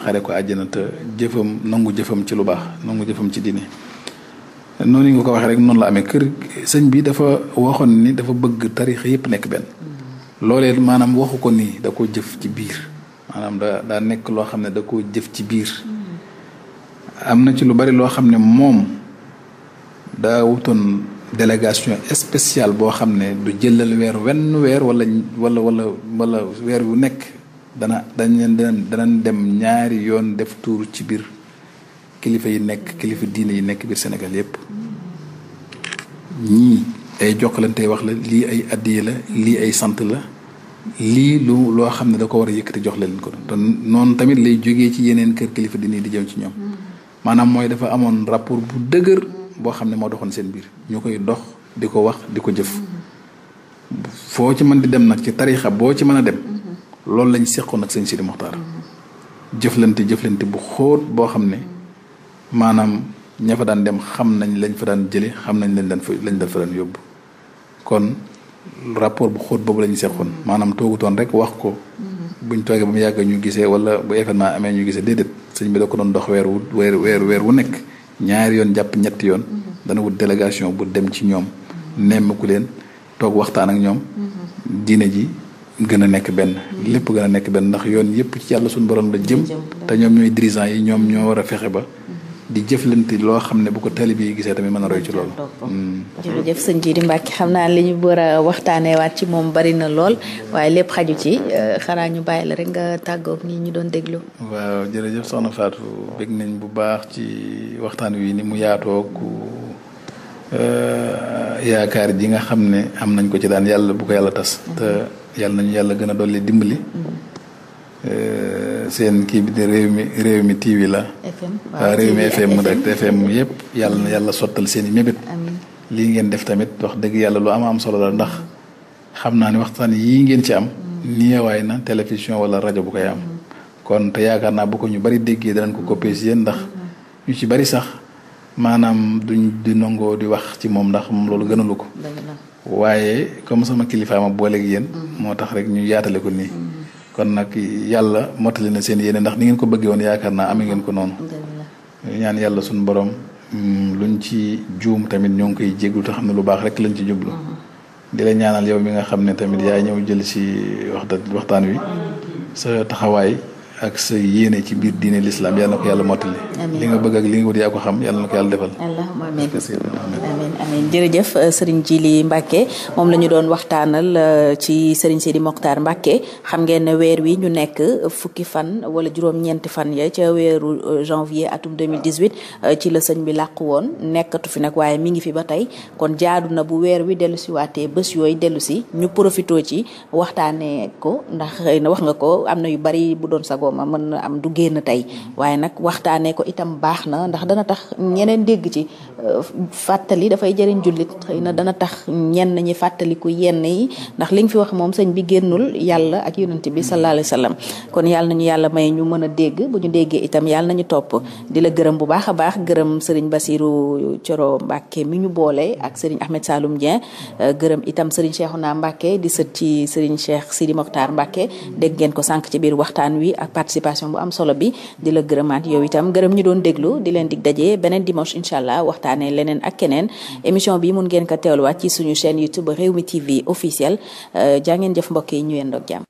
xare ko àjjana te jëfam nangu jëfam ci lu baax nangu jëfam ci diine. noonu yi nga ko waxee rek noonu la amee kër sëñ bi dafa waxoon ni dafa bëgg tarix yëpp nekk benn loolee maanaam waxu ko nii da koo jëf ci biir maanaam da daa nekk loo xam ne da koo jëf ci biir am na ci lu bari loo xam ne moom daa wutoon délégation spéciale boo xam ne du jëlal weer wenn weer wala wala wala wala weer wu nekk dana dañ leen dana dem ñaari yoon def tuur ci biir kilifa yi nekk kilifa diine yi nekk biir senegal yépp ñii ay jokkalantey wax la lii ay addiye la lii ay sant la lii lu loo xam ne da ko war a yëkkati jox leen ko te noonu tamit lay jóge ci yeneen kër kilifa di nii di jëm ci ñoom maanaam mooy dafa amoon rapport bu dëgër boo xam ne moo doxoon seen biir ñu koy dox di ko wax di ko jëf foo ci mën di dem nag ci tariixa boo ci mën a dem loolu lañ seqoon ak sëñ Sidi Moxtaar jëflante jëflante bu xóot boo xam ne maanaam ña fa daan dem xam nañ lañ fa daan jële xam nañ lañ daan fa lañ daan fa yóbbu kon rapport bu xóot boobu la ñu seqoon maanaam toogutoon rek wax ko mm-hmm. buñ toogee ba mu yàgg ñu gisee wala bu événement amee ñu gisee déedéet sëñ bi da ko doon dox weer wu weer weer weer wu nekk ñaari yoon jàpp ñetti yoon mm-hmm. dana wut délégation bu dem ci ñoom mm-hmm. nemmiku leen toog waxtaan ak ñoom diine ji gën a nekk benn lépp gën a nekk benn ndax yoon yépp ci yàlla suñu borom la jëm te ñoom ñooy dirigeants yi ñoom ñoo war a fexe ba di jëflante loo xam ne bu ko taalibe yi gisee tamit mën a roy ci loolu. Mm. jërëjëf sëñ Jidi Mbacke xam naa li ñu war waxtaanee waat ci moom bari na lool waaye lépp xaju ci euh, xanaa ñu bàyyi la rek nga tàggoog nii ñu doon déglu. jërëjëf soxna Fatou nañ bu baax ci waxtaan wi ni mu yaatook euh, yaakaar ji nga xam ne am nañ ko ci daan yàlla bu ko yàlla tas. Mm-hmm. te yàlla nañu yàlla gën a dolli dimbali. Mm-hmm. Euh, seen kii bi de réew mi réew mi TV la. FM waaw réew mi FM rek yëpp yàlla yàlla sottal seen i mébét. lii ngeen def tamit wax dëgg yàlla lu am am solo la ndax xam naa ne waxtaan yii ngeen ci am. néewaay na télévision wala rajo bu koy am. kon te yaakaar naa bu ko ñu bari déggee danañ ko copier si yéen ndax ñu ci bari sax maanaam duñ di nangoo di wax ci moom ndax moom loolu gënalu ko. waaye comme sama boo booleeg yéen. Mm-hmm. moo tax rek ñu yaatale ko nii. Mm-hmm. kon nag yàlla mottali na seen yéene ndax ni ngeen ko bëggee woon yaakaar naa amee ngeen ko noonu ñaan yàlla suñu borom mm, luñ ci juum tamit ñoo ngi koy jéglu te xam ne lu baax rek lañ ci jublu mm-hmm. di la ñaanal yow mi nga xam ne tamit mm-hmm. yaa ñëw jël si waxta waxtaan wi mm-hmm. sa taxawaay ak sa yéene ci biir diine lislaam yàlla na ko yàlla mottali li nga bëgg ak li nga wut yaa ko xam yàlla na ko yàlla defal allahumma amiin amiin sëriñ Jili Mbàkke moom lañu doon waxtaanal euh, ci sëriñ Sidi Mokhtar Mbàkke xam ngeen ne weer wi ñu nekk fukki fan wala juróom-ñeenti fan ya ca weeru euh, janvier atum 2018 euh, ci la sëñ bi làqu woon nekkatu fi nag waaye mi ngi fi ba tey kon jaadu na bu weer wi dellu si bës yooyu dellu si ñu profitoo ci waxtaanee ko ndax xëy wax nga ko tàggoo ma mën am du génn tey waaye nag waxtaanee ko itam baax na ndax dana tax ñeneen dégg ci euh, fàttali dafay jëriñ jullit xëy na dana tax ñenn ñi fàttaliku yenn yi ndax li nga fi wax moom sëñ bi génnul yàlla ak yonent bi sallallahu alayhi wasallam kon yàlla nañu yàlla may ñu mën a dégg bu itam yàlla nañu topp di la gërëm bu baax a baax gërëm sëriñ Basirou Thioro Mbacke mi ñu boole ak sëriñ Ahmed Saloum Dieng euh, gërëm itam sëriñ Cheikhouna Mbacke di sët ci sëriñ Cheikh Sidi Mokhtar Mbacke dégg ngeen ko sànq ci biir waxtaan wi ak participation bu am solo bi di la gërëmaat yow itam gërëm ñu doon déglu di leen dig daje beneen dimanche incha allah waxtaanee leneen ak keneen émission bi mun ngeen ko teewluwaat ci suñu chaîne YouTube Rewmi TV officiel euh, jaa ngeen jëf mbokk yi ñu yendoog jàmm